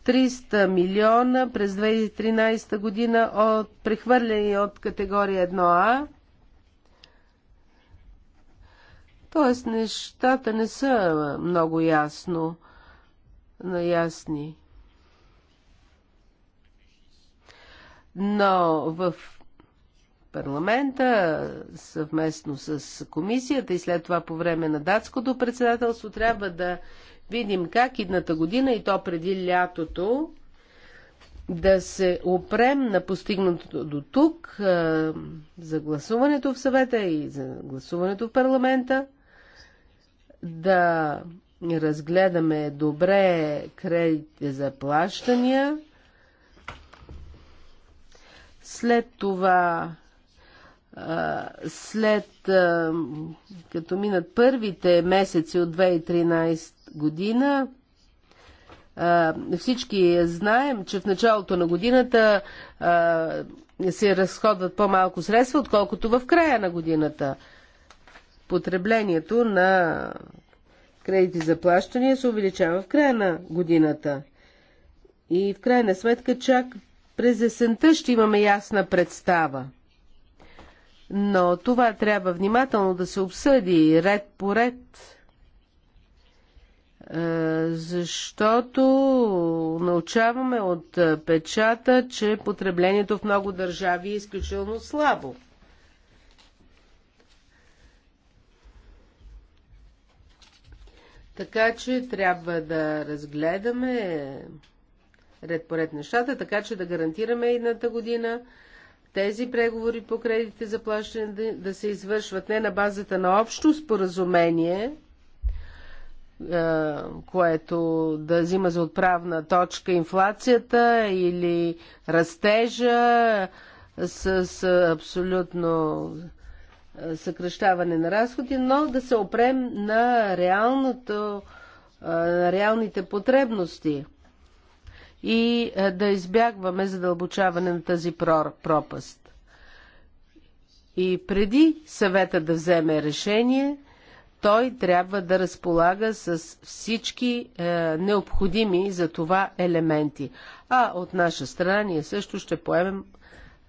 [SPEAKER 1] 300 милиона през 2013 година от прехвърляни от категория 1А. Тоест нещата не са много ясно наясни. Но в парламента, съвместно с комисията и след това по време на датското председателство, трябва да видим как идната година и то преди лятото да се опрем на постигнатото до тук за гласуването в съвета и за гласуването в парламента, да разгледаме добре кредитите за плащания. След това, след като минат първите месеци от 2013 година, всички знаем, че в началото на годината се разходват по-малко средства, отколкото в края на годината. Потреблението на кредити за плащания се увеличава в края на годината. И в крайна сметка чак през есента ще имаме ясна представа. Но това трябва внимателно да се обсъди ред по ред, защото научаваме от печата, че потреблението в много държави е изключително слабо. Така че трябва да разгледаме ред по ред нещата, така че да гарантираме едната година тези преговори по кредитите за плащане да се извършват не на базата на общо споразумение, е, което да взима за отправна точка инфлацията или растежа с абсолютно съкръщаване на разходи, но да се опрем на, реалното, на реалните потребности и да избягваме задълбочаване на тази пропаст. И преди съвета да вземе решение, той трябва да разполага с всички е, необходими за това елементи. А от наша страна ние също ще поемем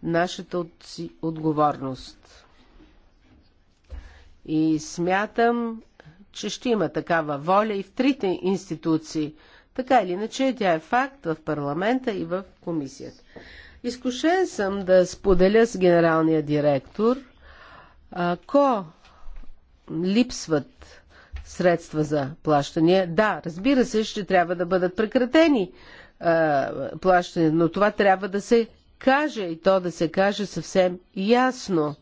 [SPEAKER 1] нашата от... отговорност. И смятам, че ще има такава воля и в трите институции. Така или иначе, тя е факт в парламента и в комисията. Изкушен съм да споделя с генералния директор, ако липсват средства за плащане. да, разбира се, ще трябва да бъдат прекратени е, плащане, но това трябва да се каже и то да се каже съвсем ясно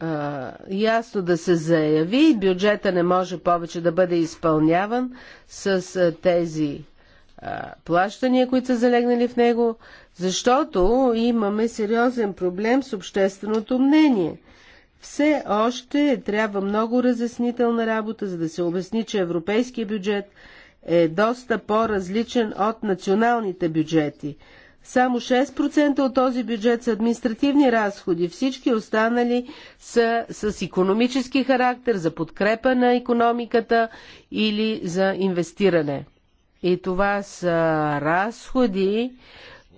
[SPEAKER 1] а, ясно да се заяви, бюджета не може повече да бъде изпълняван с а, тези а, плащания, които са залегнали в него, защото имаме сериозен проблем с общественото мнение. Все още трябва много разяснителна работа, за да се обясни, че европейския бюджет е доста по-различен от националните бюджети. Само 6% от този бюджет са административни разходи. Всички останали са с економически характер, за подкрепа на економиката или за инвестиране. И това са разходи,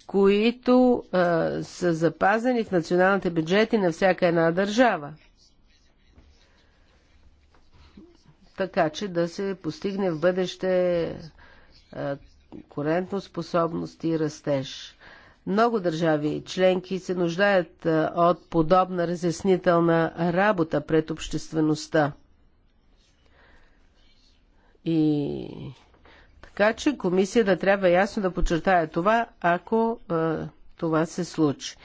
[SPEAKER 1] които а, са запазени в националните бюджети на всяка една държава. Така че да се постигне в бъдеще а, конкурентоспособност и растеж. Много държави членки се нуждаят от подобна разяснителна работа пред обществеността. И така че комисията трябва ясно да подчертая това, ако а, това се случи.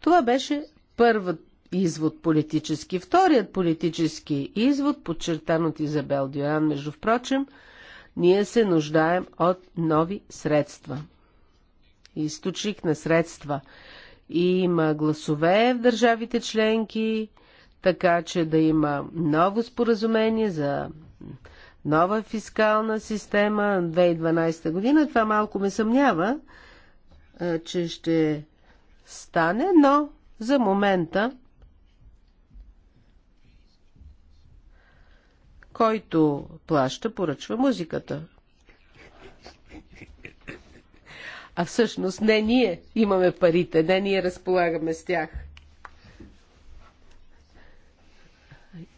[SPEAKER 1] Това беше първият извод политически. Вторият политически извод, подчертан от Изабел Дюран, между впрочем, ние се нуждаем от нови средства източник на средства. И има гласове в държавите членки, така че да има ново споразумение за нова фискална система 2012 година. Това малко ме съмнява, че ще стане, но за момента който плаща, поръчва музиката. А всъщност не ние имаме парите, не ние разполагаме с тях.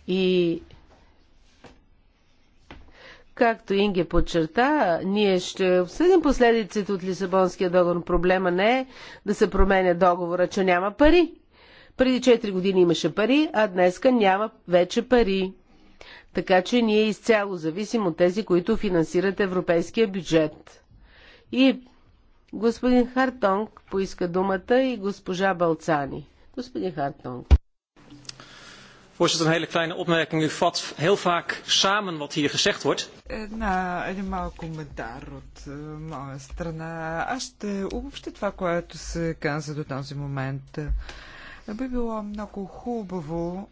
[SPEAKER 1] И както Инге подчерта, ние ще обсъдим последиците от Лисабонския договор. Проблема не е да се променя договора, че няма пари. Преди 4 години имаше пари, а днеска няма вече пари. Така че ние изцяло зависим от тези, които финансират европейския бюджет. И Господин Хартонг поиска думата и госпожа Балцани. Господин Хартонг.
[SPEAKER 3] Voorzitter, een hele kleine opmerking. U vat heel vaak samen wat hier gezegd wordt. Една, един коментар от е, моя страна. Аз ще обобщя това, което се каза до този момент. Е, би било много хубаво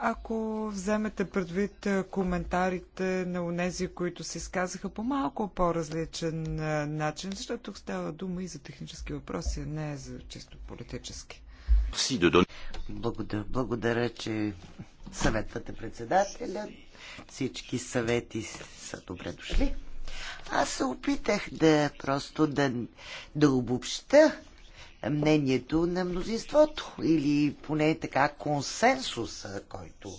[SPEAKER 3] ако вземете предвид е, коментарите на онези, които се изказаха по малко по-различен е, начин, защото тук става дума и за технически въпроси, а не за чисто политически.
[SPEAKER 2] Благодаря, благодаря че съветвате председателя. Всички съвети са добре дошли. Аз се опитах да просто да, да обобща мнението на мнозинството или поне така консенсус, който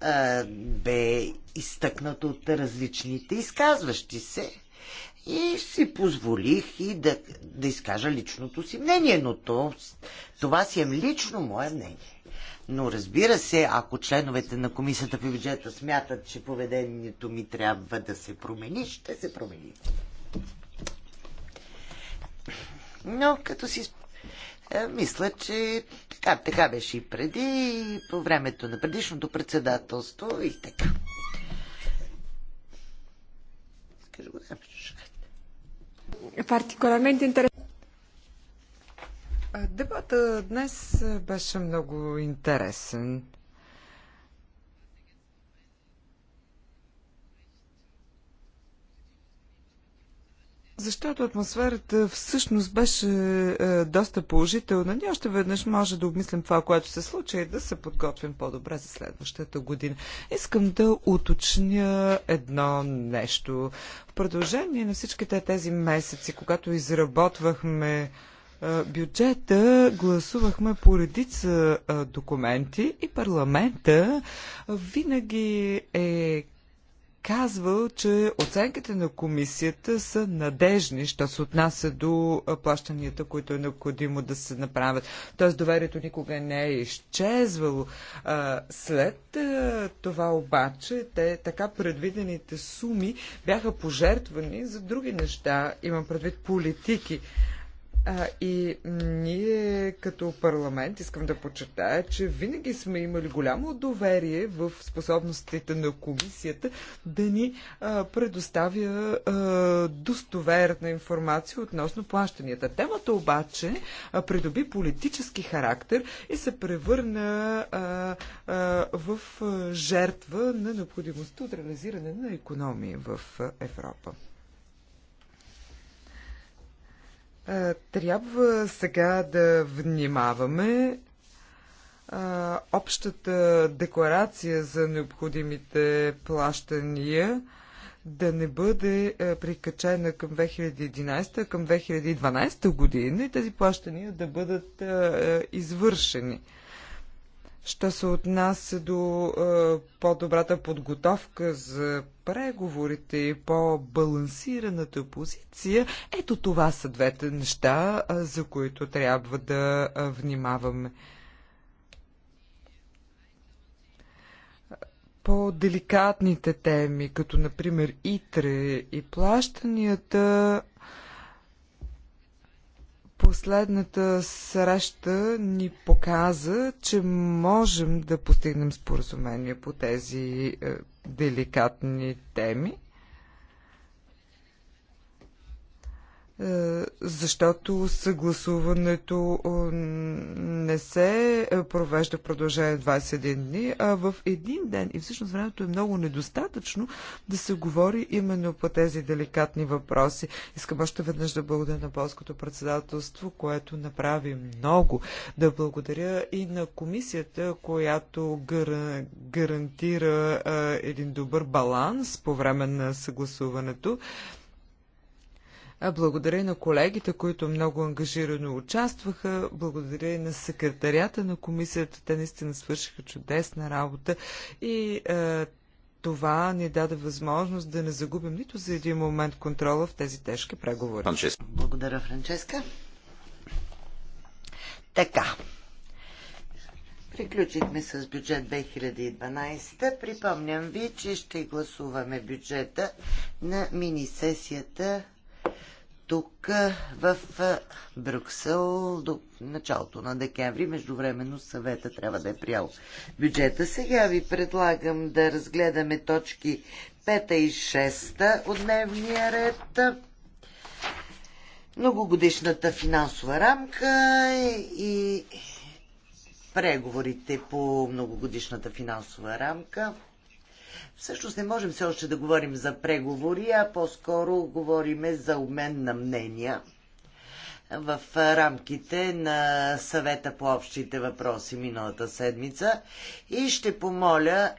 [SPEAKER 2] а, бе изтъкнат от различните изказващи се. И си позволих и да, да изкажа личното си мнение, но то, това си е лично мое мнение. Но разбира се, ако членовете на комисията по бюджета смятат, че поведението ми трябва да се промени, ще се промени. Но като си е, мисля, че така, така беше и преди, и по времето на предишното председателство и така. Скажи го,
[SPEAKER 3] Партикулярmente интересно. Дебата днес беше много интересен. Защото атмосферата всъщност беше е, доста положителна. Ние още веднъж може да обмислим това, което се случи и да се подготвим по-добре за следващата година. Искам да уточня едно нещо. В продължение на всичките тези месеци, когато изработвахме е, бюджета гласувахме по редица е, документи и парламента винаги е казвал, че оценките на комисията са надежни, що се отнася до плащанията, които е необходимо да се направят. Тоест доверието никога не е изчезвало. След това обаче, те така предвидените суми бяха пожертвани за други неща, имам предвид политики. А, и ние като парламент искам да подчертая, че винаги сме имали голямо доверие в способностите на комисията да ни а, предоставя а, достоверна информация относно плащанията. Темата обаче а, придоби политически характер и се превърна а, а, в жертва на необходимостта от реализиране на економии в Европа. Трябва сега да внимаваме общата декларация за необходимите плащания да не бъде прикачена към 2011, към 2012 година и тези плащания да бъдат извършени. Що се отнася до е, по-добрата подготовка за преговорите и по-балансираната позиция, ето това са двете неща, е, за които трябва да е, внимаваме. По-деликатните теми, като например ИТРЕ и плащанията, Последната среща ни показа, че можем да постигнем споразумение по тези е, деликатни теми. Е, защото съгласуването е, не се е, провежда в продължение 21 дни, а в един ден. И всъщност времето е много недостатъчно да се говори именно по тези деликатни въпроси. Искам още веднъж да благодаря на полското председателство, което направи много. Да благодаря и на комисията, която гар... гарантира един добър баланс по време на съгласуването. Благодаря на колегите, които много ангажирано участваха. Благодаря и на секретарията на комисията. Те наистина свършиха чудесна работа и е, това ни даде възможност да не загубим нито за един момент контрола в тези тежки преговори. Франческа.
[SPEAKER 2] Благодаря, Франческа. Така. Приключихме с бюджет 2012. Припомням ви, че ще гласуваме бюджета на мини-сесията тук в Брюксел до началото на декември. Междувременно съвета трябва да е приял бюджета. Сега ви предлагам да разгледаме точки 5 и 6 от дневния ред. Многогодишната финансова рамка е и преговорите по многогодишната финансова рамка. Всъщност не можем все още да говорим за преговори, а по-скоро говориме за обмен на мнения в рамките на съвета по общите въпроси миналата седмица и ще помоля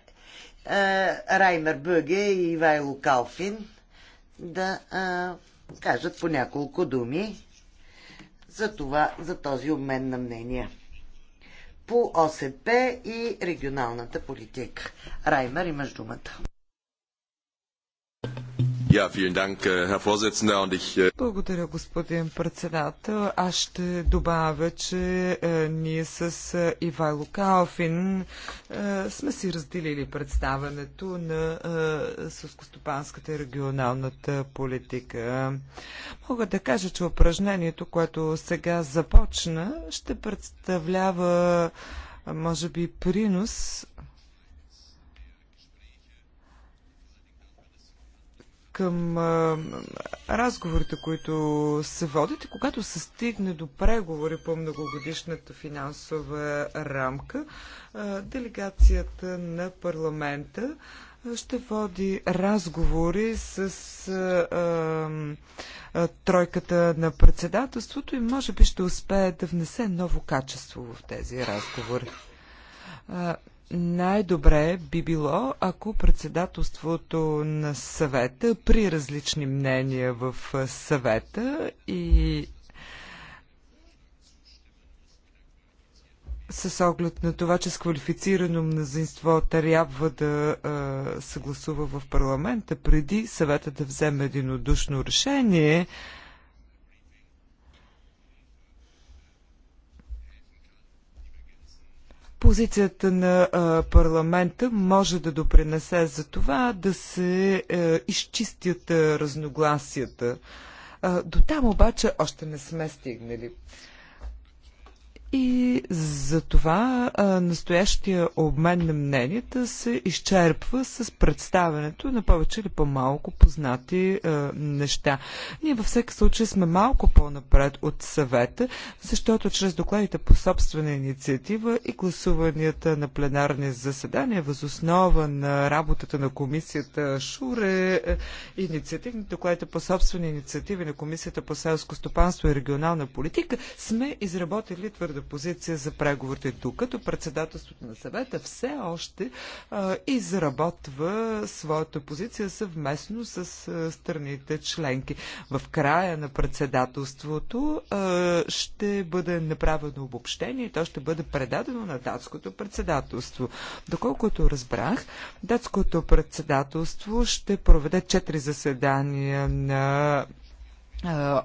[SPEAKER 2] е, Раймер Бъге и Ивайло Калфин да е, кажат по няколко думи за, това, за този обмен на мнения по ОСП и регионалната политика. Раймер, имаш думата. Äh, äh,
[SPEAKER 3] Благодаря, господин председател. Аз ще добавя, че е, ние с е, Ивайло Калфин е, сме си разделили представането на е, и регионалната политика. Мога да кажа, че упражнението, което сега започна, ще представлява, може би, принос към а, разговорите, които се водят и когато се стигне до преговори по многогодишната финансова рамка, а, делегацията на парламента ще води разговори с а, а, тройката на председателството и може би ще успее да внесе ново качество в тези разговори най-добре би било, ако председателството на съвета при различни мнения в съвета и с оглед на това, че с квалифицирано мнозинство трябва да а, съгласува в парламента, преди съвета да вземе единодушно решение, а, Позицията на парламента може да допринесе за това да се е, изчистят разногласията. До там обаче още не сме стигнали. И за това настоящия обмен на мненията се изчерпва с представенето на повече или по-малко познати а, неща. Ние във всеки случай сме малко по-напред от съвета, защото чрез докладите по собствена инициатива и гласуванията на пленарни заседания, възоснова на работата на комисията Шуре, е, инициативните докладите по собствена инициатива на комисията по селско стопанство и регионална политика, сме изработили твърде твърда позиция за преговорите, докато председателството на съвета все още а, изработва своята позиция съвместно с а, страните членки. В края на председателството а, ще бъде направено обобщение и то ще бъде предадено на датското председателство. Доколкото разбрах, датското председателство ще проведе четири заседания на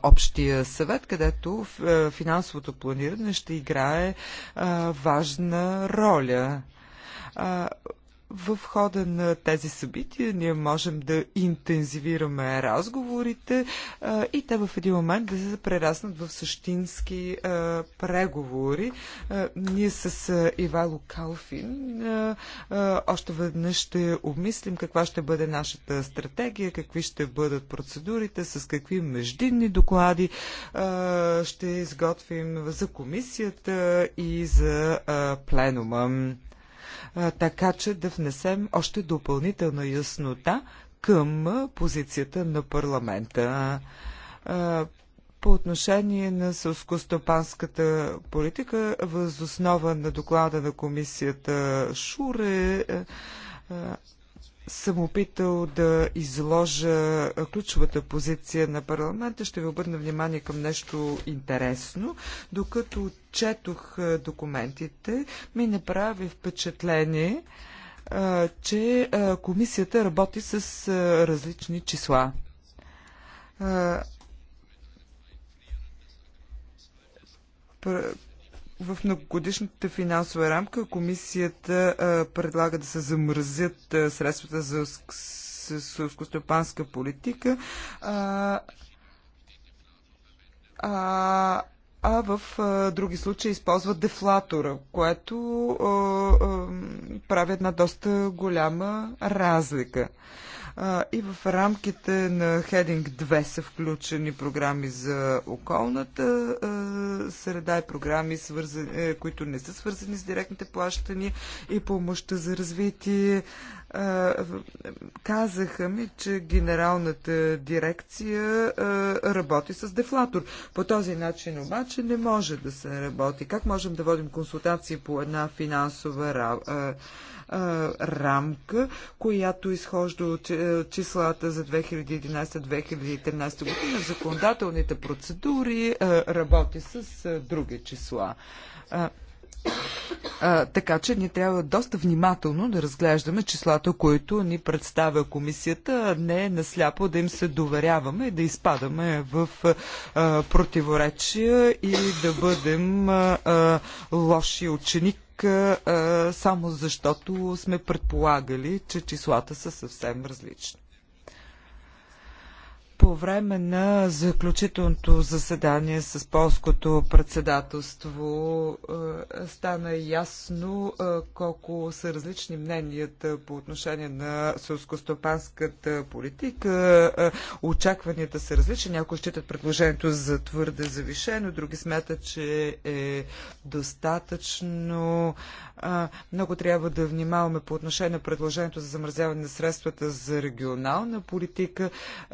[SPEAKER 3] общия съвет, където финансовото планиране ще играе важна роля. В хода на тези събития ние можем да интензивираме разговорите а, и те в един момент да се прераснат в същински а, преговори. А, ние с а, Ивайло Калфин а, а, още веднъж ще обмислим каква ще бъде нашата стратегия, какви ще бъдат процедурите, с какви междинни доклади а, ще изготвим за комисията и за а, пленума така че да внесем още допълнителна яснота към позицията на парламента. По отношение на сълскостопанската политика, възоснова на доклада на комисията Шуре, съм опитал да изложа ключовата позиция на парламента. Ще ви обърна внимание към нещо интересно. Докато четох документите, ми направи впечатление, че комисията работи с различни числа. В многогодишната финансова рамка комисията а, предлага да се замразят а, средствата за селскостопанска политика. А, а, а в а, други случаи използват дефлатора, което а, а, прави една доста голяма разлика. А, и в рамките на Хединг 2 са включени програми за околната среда и програми, свързани, е, които не са свързани с директните плащания и помощта за развитие. Казаха ми, че генералната дирекция работи с дефлатор. По този начин обаче не може да се работи. Как можем да водим консултации по една финансова работа рамка, която изхожда от е, числата за 2011-2013 година, законодателните процедури, работи с други числа. А, така че ние трябва доста внимателно да разглеждаме числата, които ни представя комисията, а не насляпо да им се доверяваме и да изпадаме в а, противоречия и да бъдем а, а, лоши ученик само защото сме предполагали, че числата са съвсем различни по време на заключителното заседание с полското председателство е, стана ясно е, колко са различни мненията по отношение на селскостопанската политика. Е, очакванията са различни. Някои считат предложението за твърде завишено, други смятат, че е достатъчно. Много трябва да внимаваме по отношение на предложението за замразяване на средствата за регионална политика,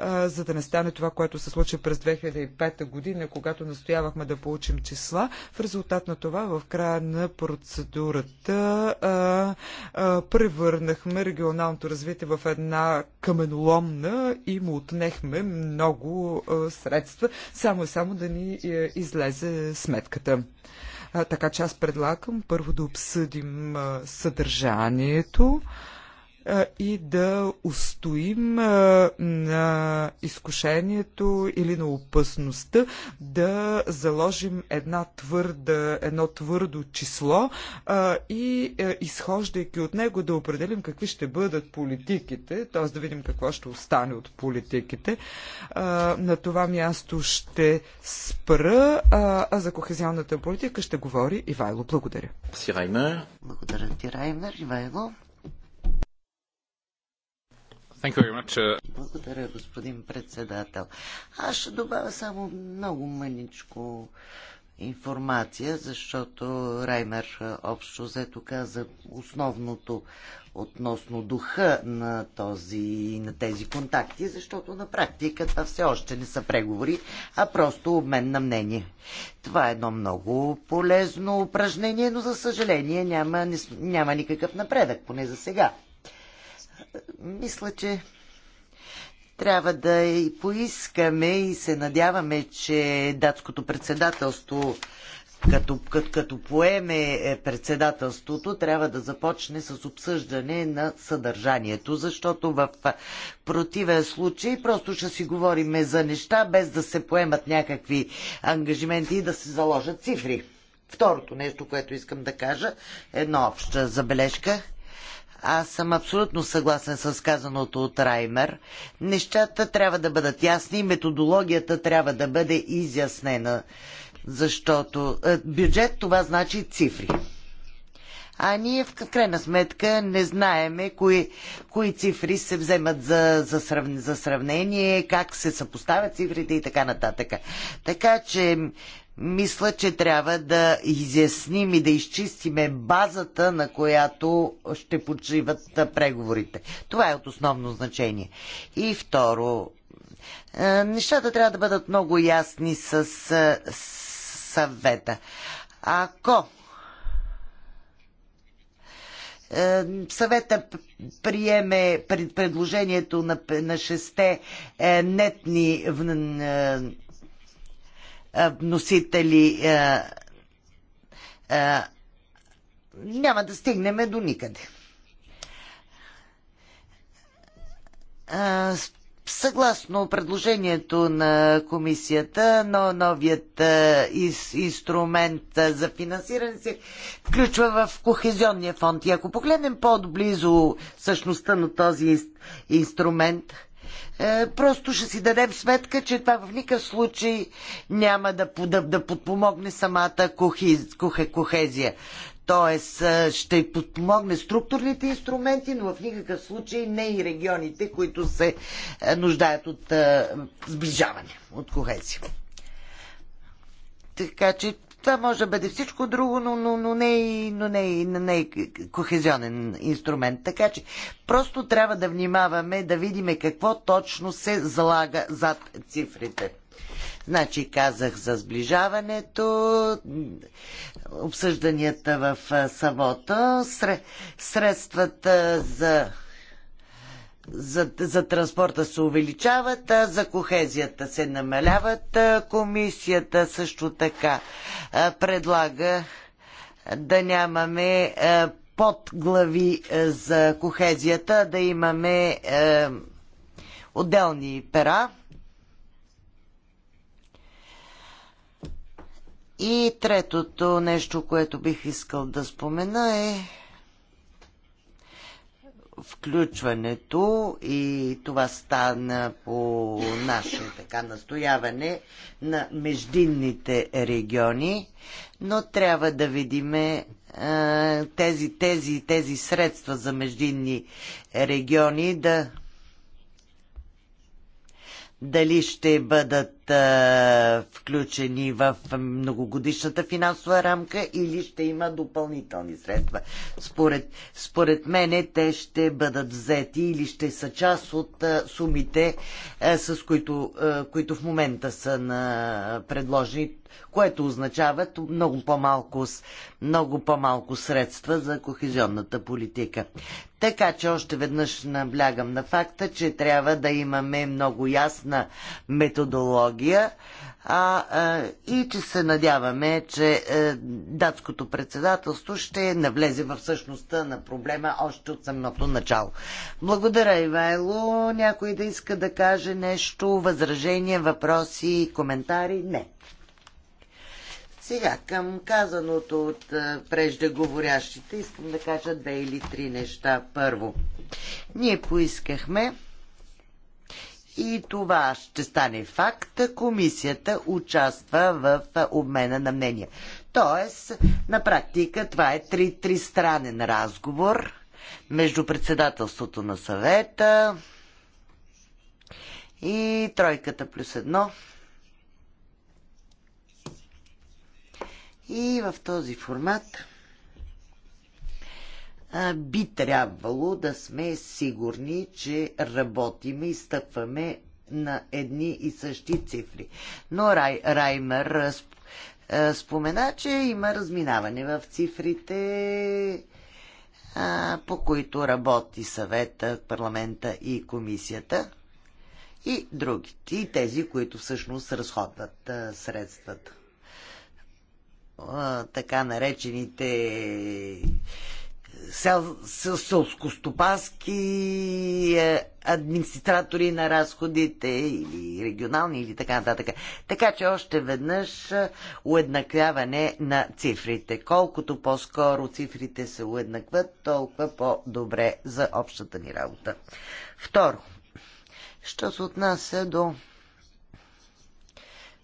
[SPEAKER 3] за да да не стане това, което се случи през 2005 година, когато настоявахме да получим числа. В резултат на това, в края на процедурата а, а, превърнахме регионалното развитие в една каменоломна и му отнехме много а, средства, само и само да ни а, е, излезе сметката. А, така че аз предлагам първо да обсъдим а, съдържанието и да устоим на изкушението или на опасността да заложим една твърда, едно твърдо число и изхождайки от него да определим какви ще бъдат политиките, т.е. да видим какво ще остане от политиките. На това място ще спра, а за кохезионната политика ще говори Ивайло. Благодаря.
[SPEAKER 2] Благодаря ти, Раймер. Ивайло. Uh, Благодаря, господин председател. Аз ще добавя само много мъничко информация, защото Раймер общо взето каза основното относно духа на, този, на тези контакти, защото на практика това все още не са преговори, а просто обмен на мнение. Това е едно много полезно упражнение, но за съжаление няма, няма никакъв напредък, поне за сега мисля, че трябва да и поискаме и се надяваме, че датското председателство като, като, като поеме е, председателството, трябва да започне с обсъждане на съдържанието, защото в противен случай просто ще си говориме за неща, без да се поемат някакви ангажименти и да се заложат цифри. Второто нещо, което искам да кажа, една обща забележка. Аз съм абсолютно съгласен с казаното от Раймер. Нещата трябва да бъдат ясни, методологията трябва да бъде изяснена, защото е, бюджет това значи цифри. А ние в крайна сметка не знаеме кои, кои цифри се вземат за, за, срав, за сравнение, как се съпоставят цифрите и така нататък. Така че мисля, че трябва да изясним и да изчистиме базата, на която ще почиват преговорите. Това е от основно значение. И второ, нещата трябва да бъдат много ясни с съвета. Ако съвета приеме предложението на, шесте е, нетни вносители няма да стигнем до никъде. Съгласно предложението на комисията, но новият инструмент за финансиране се включва в Кохезионния фонд. И ако погледнем по-близо същността на този инструмент, е, просто ще си дадем сметка, че това в никакъв случай няма да, да, да подпомогне самата кохиз, кохезия. Тоест, е, ще подпомогне структурните инструменти, но в никакъв случай не и регионите, които се е, нуждаят от сближаване, от кохезия. Така че това може да бъде всичко друго, но, но, но, не, и, но не, и, не и кохезионен инструмент. Така че просто трябва да внимаваме, да видим какво точно се залага зад цифрите. Значи казах за сближаването, обсъжданията в Савота, средствата за за, за транспорта се увеличават, а за кохезията се намаляват. Комисията също така предлага да нямаме подглави за кохезията, да имаме отделни пера. И третото нещо, което бих искал да спомена е включването и това стана по наше така настояване на междинните региони, но трябва да видиме е, тези, тези, тези средства за междинни региони да дали ще бъдат бъдат а, включени в многогодишната финансова рамка или ще има допълнителни средства. Според, според мене те ще бъдат взети или ще са част от а, сумите, а, с които, а, които в момента са на предложени, което означават много по-малко, много по-малко средства за кохезионната политика. Така че още веднъж наблягам на факта, че трябва да имаме много ясна методология Белгия. а, а, и че се надяваме, че а, е, датското председателство ще навлезе в същността на проблема още от самото начало. Благодаря, Ивайло. Някой да иска да каже нещо, възражения, въпроси, коментари? Не. Сега, към казаното от е, преждеговорящите, искам да кажа две или три неща. Първо, ние поискахме и това ще стане факт, комисията участва в обмена на мнения. Тоест, на практика това е три, тристранен разговор между председателството на съвета и тройката плюс едно. И в този формат би трябвало да сме сигурни, че работиме и стъпваме на едни и същи цифри. Но Рай, Раймер спомена, че има разминаване в цифрите, по които работи съвета, парламента и комисията и другите, и тези, които всъщност разходват средствата. Така наречените сел, селско-стопански е, администратори на разходите или регионални или така нататък. Така че още веднъж е, уеднаквяване на цифрите. Колкото по-скоро цифрите се уеднакват, толкова по-добре за общата ни работа. Второ, що се отнася до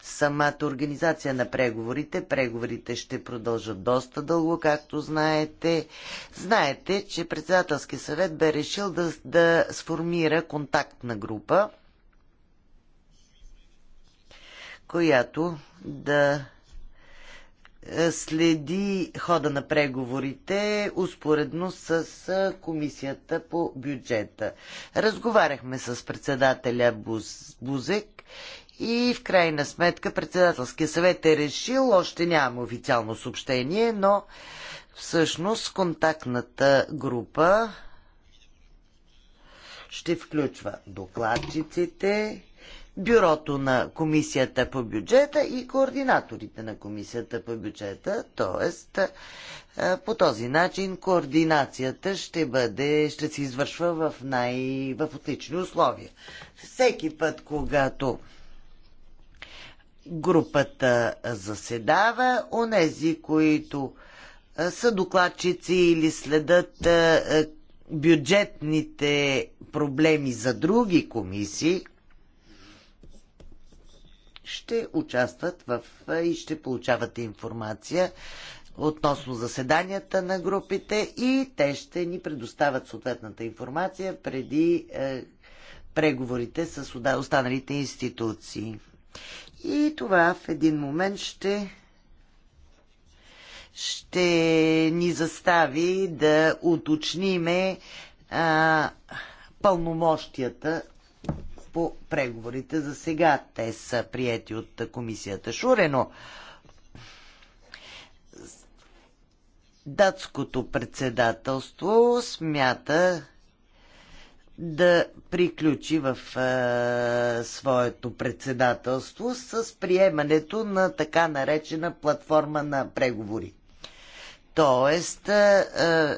[SPEAKER 2] самата организация на преговорите. Преговорите ще продължат доста дълго, както знаете. Знаете, че председателски съвет бе решил да, да сформира контактна група, която да е, следи хода на преговорите успоредно с е, комисията по бюджета. Разговаряхме с председателя Буз, Бузек и в крайна сметка председателския съвет е решил, още нямам официално съобщение, но всъщност контактната група ще включва докладчиците, бюрото на комисията по бюджета и координаторите на комисията по бюджета, т.е. по този начин координацията ще бъде, ще се извършва в най в отлични условия. Всеки път, когато групата заседава. Онези, които са докладчици или следат бюджетните проблеми за други комисии, ще участват в и ще получават информация относно заседанията на групите и те ще ни предоставят съответната информация преди е, преговорите с останалите институции. И това в един момент ще ще ни застави да уточниме а, пълномощията по преговорите. За сега те са прияти от комисията Шурено. Датското председателство смята, да приключи в е, своето председателство с приемането на така наречена платформа на преговори. Тоест, е, е,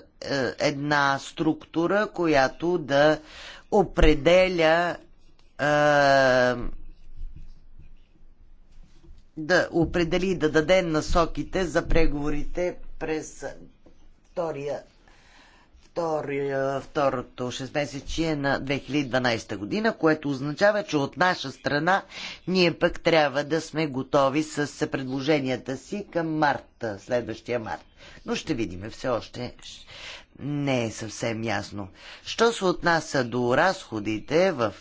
[SPEAKER 2] една структура, която да определя е, да определи да даде насоките за преговорите през втория втория, второто 6-месечие на 2012 година, което означава, че от наша страна ние пък трябва да сме готови с предложенията си към март, следващия март. Но ще видим, все още не е съвсем ясно. Що се отнася до разходите в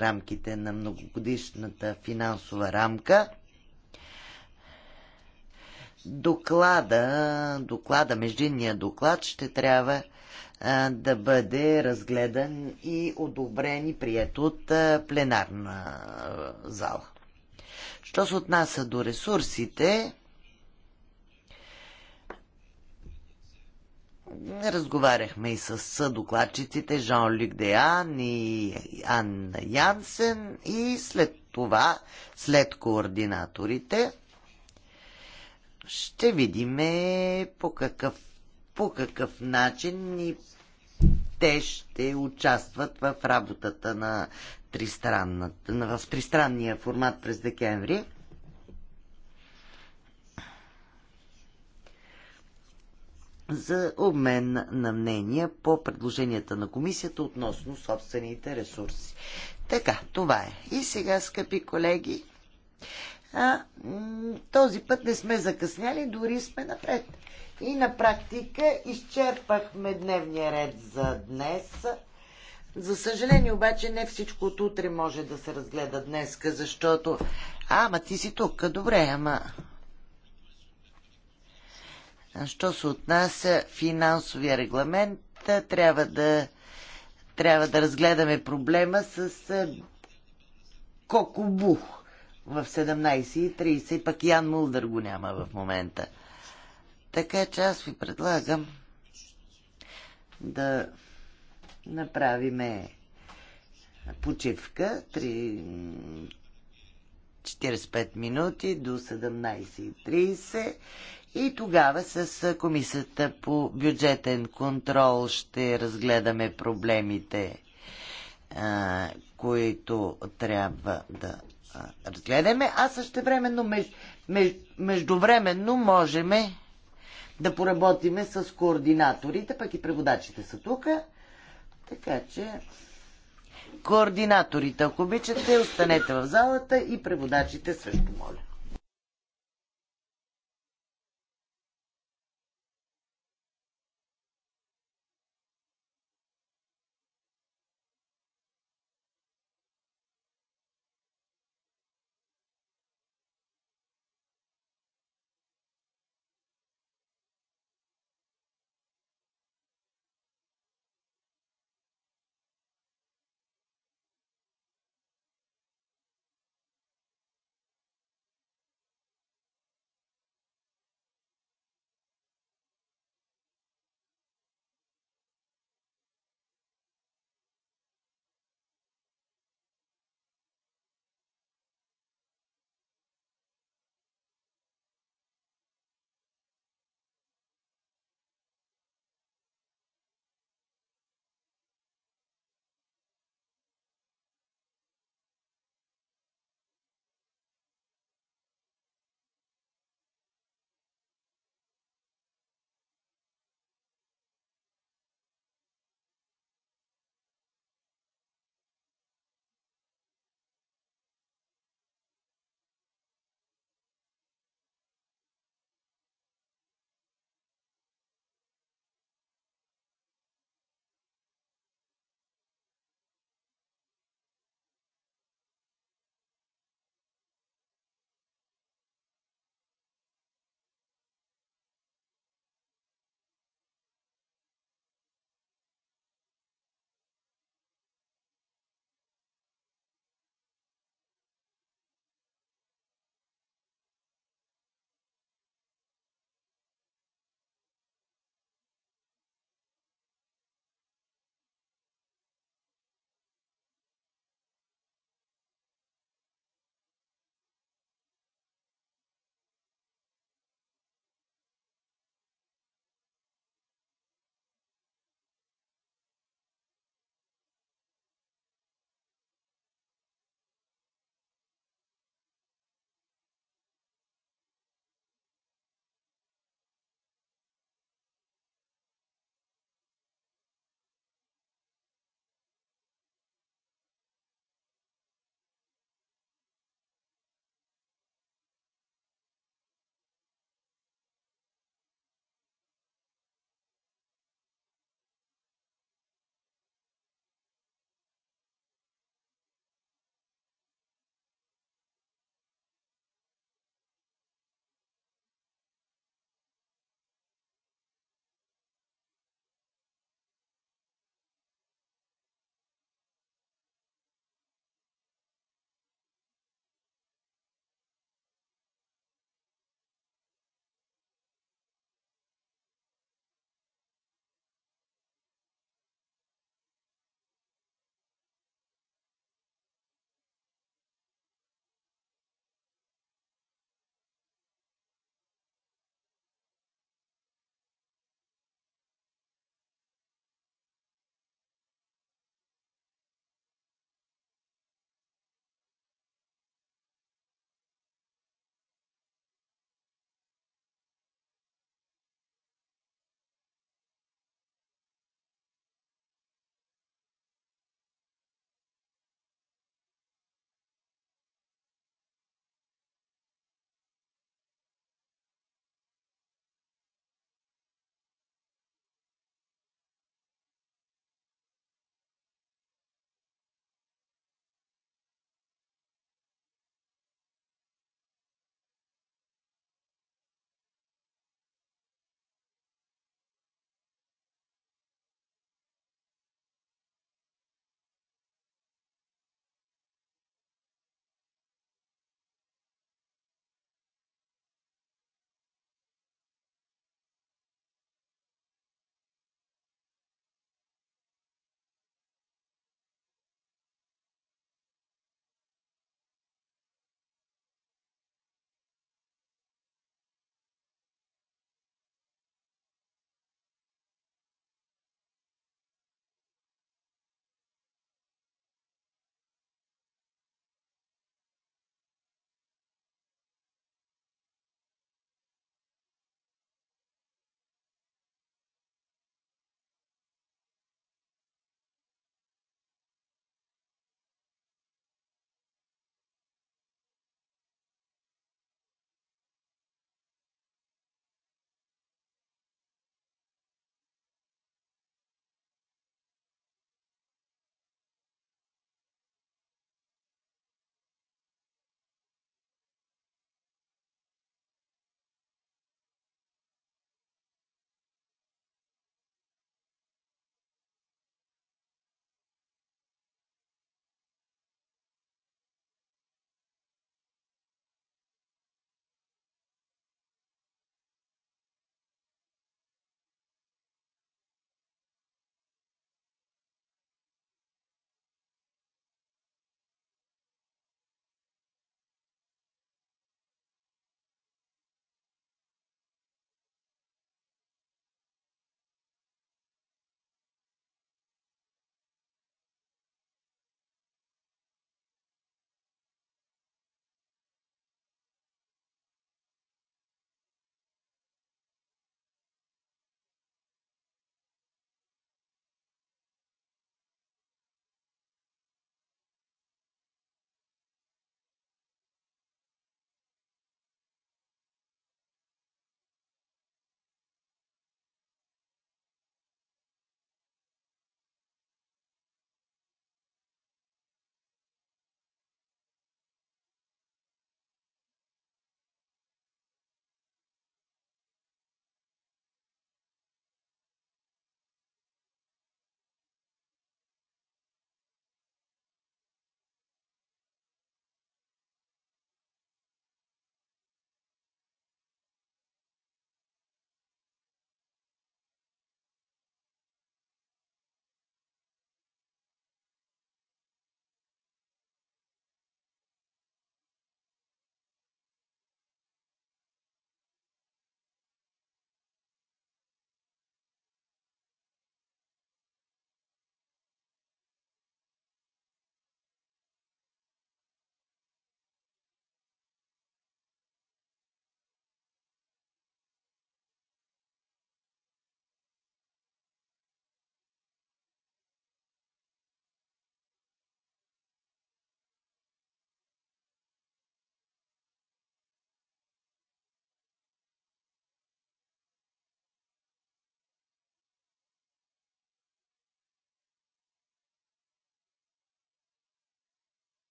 [SPEAKER 2] рамките на многогодишната финансова рамка, доклада, доклада, междинния доклад ще трябва да бъде разгледан и одобрен и прият от пленарна зала. Що се отнася до ресурсите, разговаряхме и с докладчиците Жан-Люк Деян и Анна Янсен и след това, след координаторите, ще видиме по какъв по какъв начин и те ще участват в работата на в тристранния формат през декември. за обмен на мнения по предложенията на комисията относно собствените ресурси. Така, това е. И сега, скъпи колеги, а, този път не сме закъсняли, дори сме напред. И на практика изчерпахме дневния ред за днес. За съжаление обаче не всичко от утре може да се разгледа днес, защото... А, ама ти си тук, добре, ама... Що се отнася финансовия регламент, трябва да, трябва да разгледаме проблема с Кокобух в 17.30, пък Ян Мулдър го няма в момента. Така че аз ви предлагам да направиме почивка 3... 45 минути до 17.30 и тогава с Комисията по бюджетен контрол ще разгледаме проблемите, които трябва да разгледаме, а също времено междувременно можеме да поработиме с координаторите, пък и преводачите са тук. Така че координаторите, ако обичате, останете в залата и преводачите също, моля.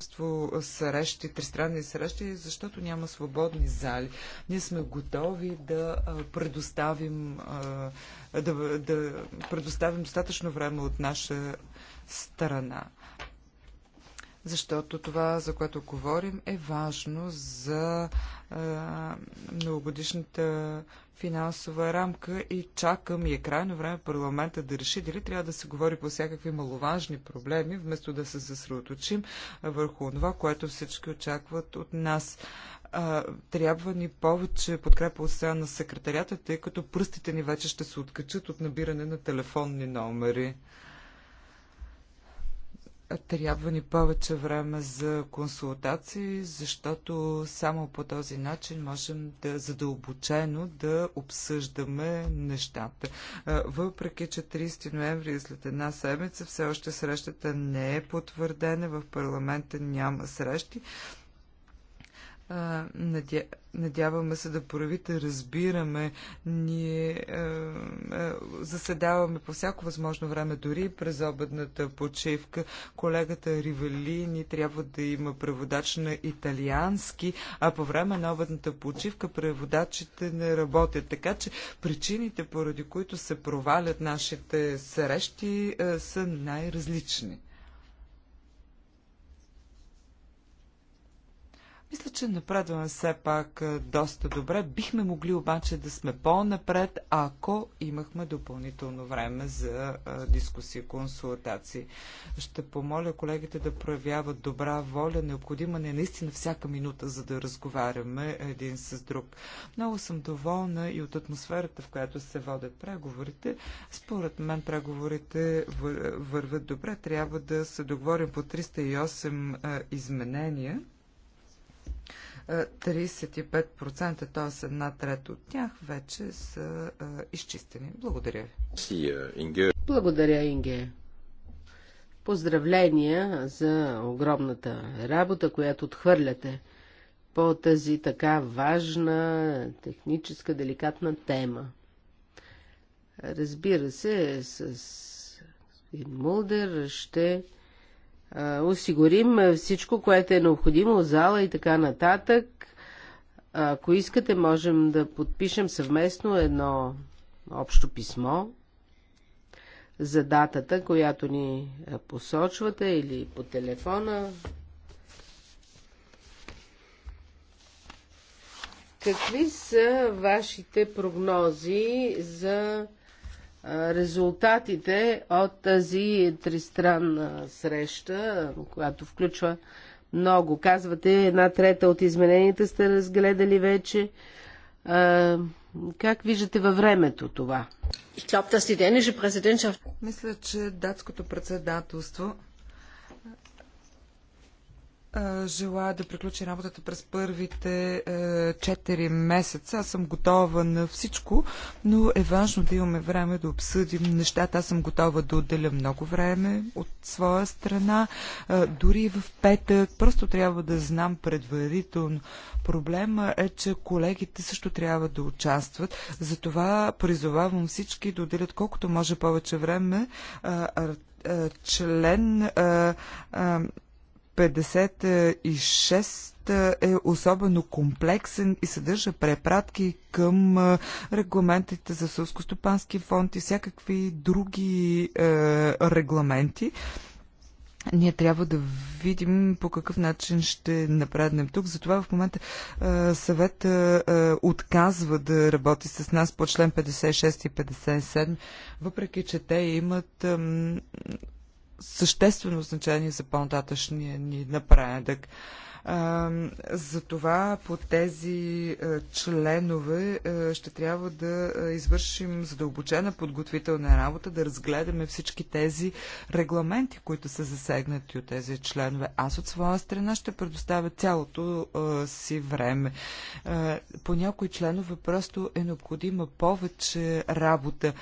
[SPEAKER 3] множество срещи, тристранни срещи, защото няма свободни зали. Ние сме готови да предоставим, да, да предоставим достатъчно време от наша страна защото това, за което говорим, е важно за а, многогодишната финансова рамка и чакам и е крайно време парламента да реши дали трябва да се говори по всякакви маловажни проблеми, вместо да се съсредоточим върху това, което всички очакват от нас а, трябва ни повече подкрепа от страна на секретарята, тъй като пръстите ни вече ще се откачат от набиране на телефонни номери. Трябва ни повече време за консултации, защото само по този начин можем да задълбочено да обсъждаме нещата. Въпреки, че 30 ноември е след една седмица все още срещата не е потвърдена, в парламента няма срещи, Надя... Надяваме се да проявите разбираме. Ние а, а, заседаваме по всяко възможно време, дори през обедната почивка. Колегата Ривелини трябва да има преводач на италиански, а по време на обедната почивка преводачите не работят. Така че причините, поради които се провалят нашите срещи, а, са най-различни. Мисля, че напредваме все пак доста добре. Бихме могли обаче да сме по-напред, ако имахме допълнително време за дискусии, консултации. Ще помоля колегите да проявяват добра воля. Необходима не наистина всяка минута, за да разговаряме един с друг. Много съм доволна и от атмосферата, в която се водят преговорите. Според мен преговорите върват добре. Трябва да се договорим по 308 изменения. 35%, т.е. една трета от тях, вече са изчистени. Благодаря ви.
[SPEAKER 1] Благодаря, Инге. Поздравления за огромната работа, която отхвърляте по тази така важна, техническа, деликатна тема. Разбира се, с Мулдер ще осигурим всичко, което е необходимо, зала и така нататък. Ако искате, можем да подпишем съвместно едно общо писмо за датата, която ни посочвате или по телефона. Какви са вашите прогнози за резултатите от тази тристранна среща, която включва много. Казвате, една трета от измененията сте разгледали вече. А, как виждате във времето това? Мисля, че датското председателство
[SPEAKER 3] желая да приключи работата през първите четири месеца. Аз съм готова на всичко, но е важно да имаме време да обсъдим нещата. Аз съм готова да отделя много време от своя страна, дори в петък. Просто трябва да знам предварително. Проблема е, че колегите също трябва да участват. Затова призовавам всички да отделят колкото може повече време член 56 е особено комплексен и съдържа препратки към регламентите за сълско-стопански фонд и всякакви други е, регламенти. Ние трябва да видим по какъв начин ще напреднем тук. Затова в момента е, съвет е, отказва да работи с нас по член 56 и 57, въпреки че те имат съществено значение за по-нататъчния ни напредък. Затова по тези членове ще трябва да извършим задълбочена подготвителна работа, да разгледаме всички тези регламенти, които са засегнати от тези членове. Аз от своя страна ще предоставя цялото си време. По някои членове просто е необходима повече работа.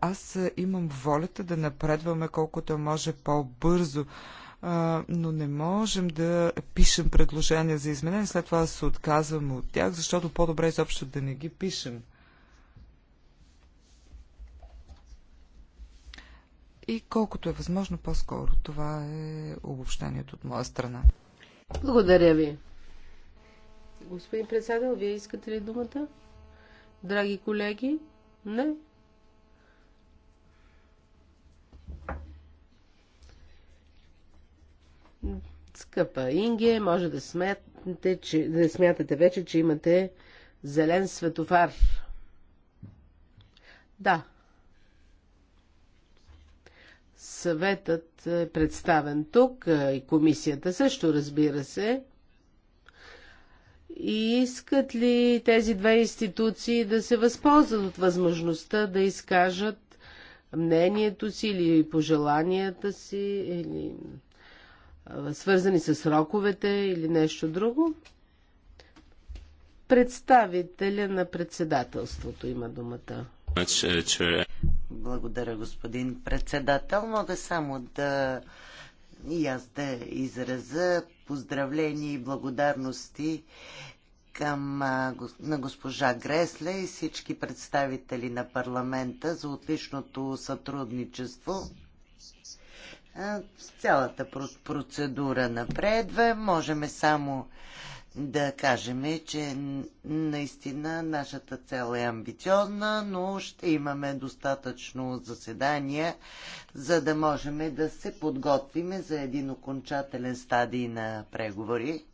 [SPEAKER 3] Аз имам волята да напредваме колкото може по-бързо но не можем да пишем предложения за изменения, след това да се отказваме от тях, защото по-добре изобщо да не ги пишем. И колкото е възможно по-скоро. Това е обобщението от моя страна.
[SPEAKER 1] Благодаря ви. Господин председател, вие искате ли думата? Драги колеги? Не? Скъпа Инге, може да смятате, че, да смятате вече, че имате зелен светофар. Да. Съветът е представен тук и комисията също, разбира се. И искат ли тези две институции да се възползват от възможността да изкажат мнението си или пожеланията си или свързани с сроковете или нещо друго? Представителя на председателството има думата. Благодаря,
[SPEAKER 2] господин председател.
[SPEAKER 1] Мога само да
[SPEAKER 2] и аз да израза поздравления и благодарности към, на госпожа Гресле и всички представители на парламента за отличното сътрудничество цялата процедура напредва. Можем само да кажем, че наистина нашата цел е амбициозна, но ще имаме достатъчно заседания, за да можем да се подготвим за един окончателен стадий на преговори.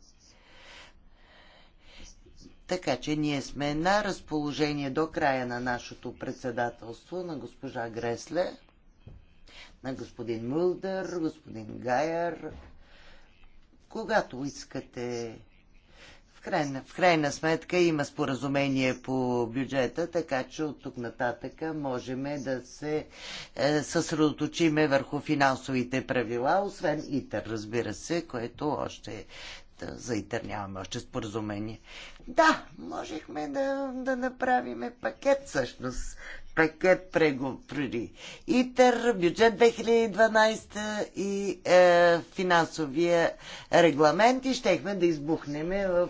[SPEAKER 2] Така че ние сме на разположение до края на нашето председателство на госпожа Гресле на господин Мулдър, господин Гайер. Когато искате в крайна, в крайна сметка има споразумение по бюджета, така че от тук нататък можем да се е, съсредоточиме върху финансовите правила, освен ИТЕР, разбира се, което още да, за ИТЕР нямаме още споразумение. Да, можехме да, да направиме пакет всъщност пакет преговори. ИТЕР, бюджет 2012 и е, финансовия регламент и щехме да избухнеме в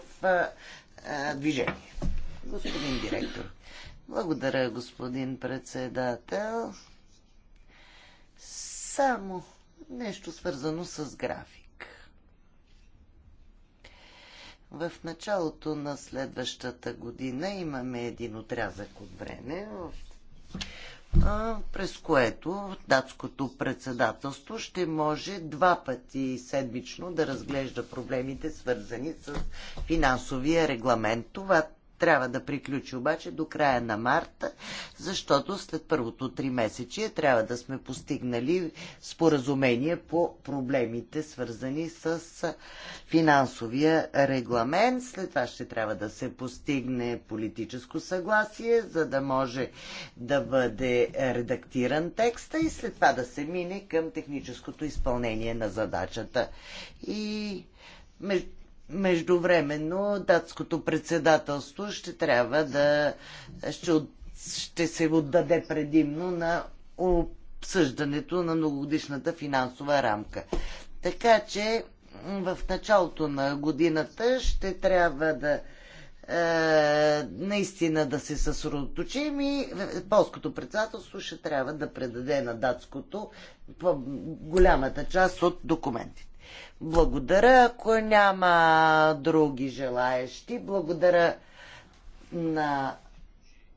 [SPEAKER 2] е, е, движение. Господин директор. Благодаря, господин председател. Само нещо свързано с график. В началото на следващата година имаме един отрязък от време, в през което датското председателство ще може два пъти седмично да разглежда проблемите, свързани с финансовия регламент. Това трябва да приключи обаче до края на марта, защото след първото три месечие трябва да сме постигнали споразумение по проблемите, свързани с финансовия регламент. След това ще трябва да се постигне политическо съгласие, за да може да бъде редактиран текста и след това да се мине към техническото изпълнение на задачата. И Междувременно датското председателство ще трябва да ще, ще се отдаде предимно на обсъждането на многогодишната финансова рамка. Така че в началото на годината ще трябва да е, наистина да се съсредоточим и е, полското председателство ще трябва да предаде на датското голямата част от документите. Благодаря, ако няма други желаещи. Благодаря на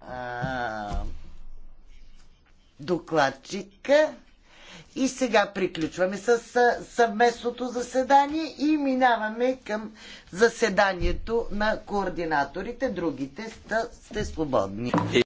[SPEAKER 2] а, докладчика. И сега приключваме с съвместното заседание и минаваме към заседанието на координаторите. Другите сте свободни.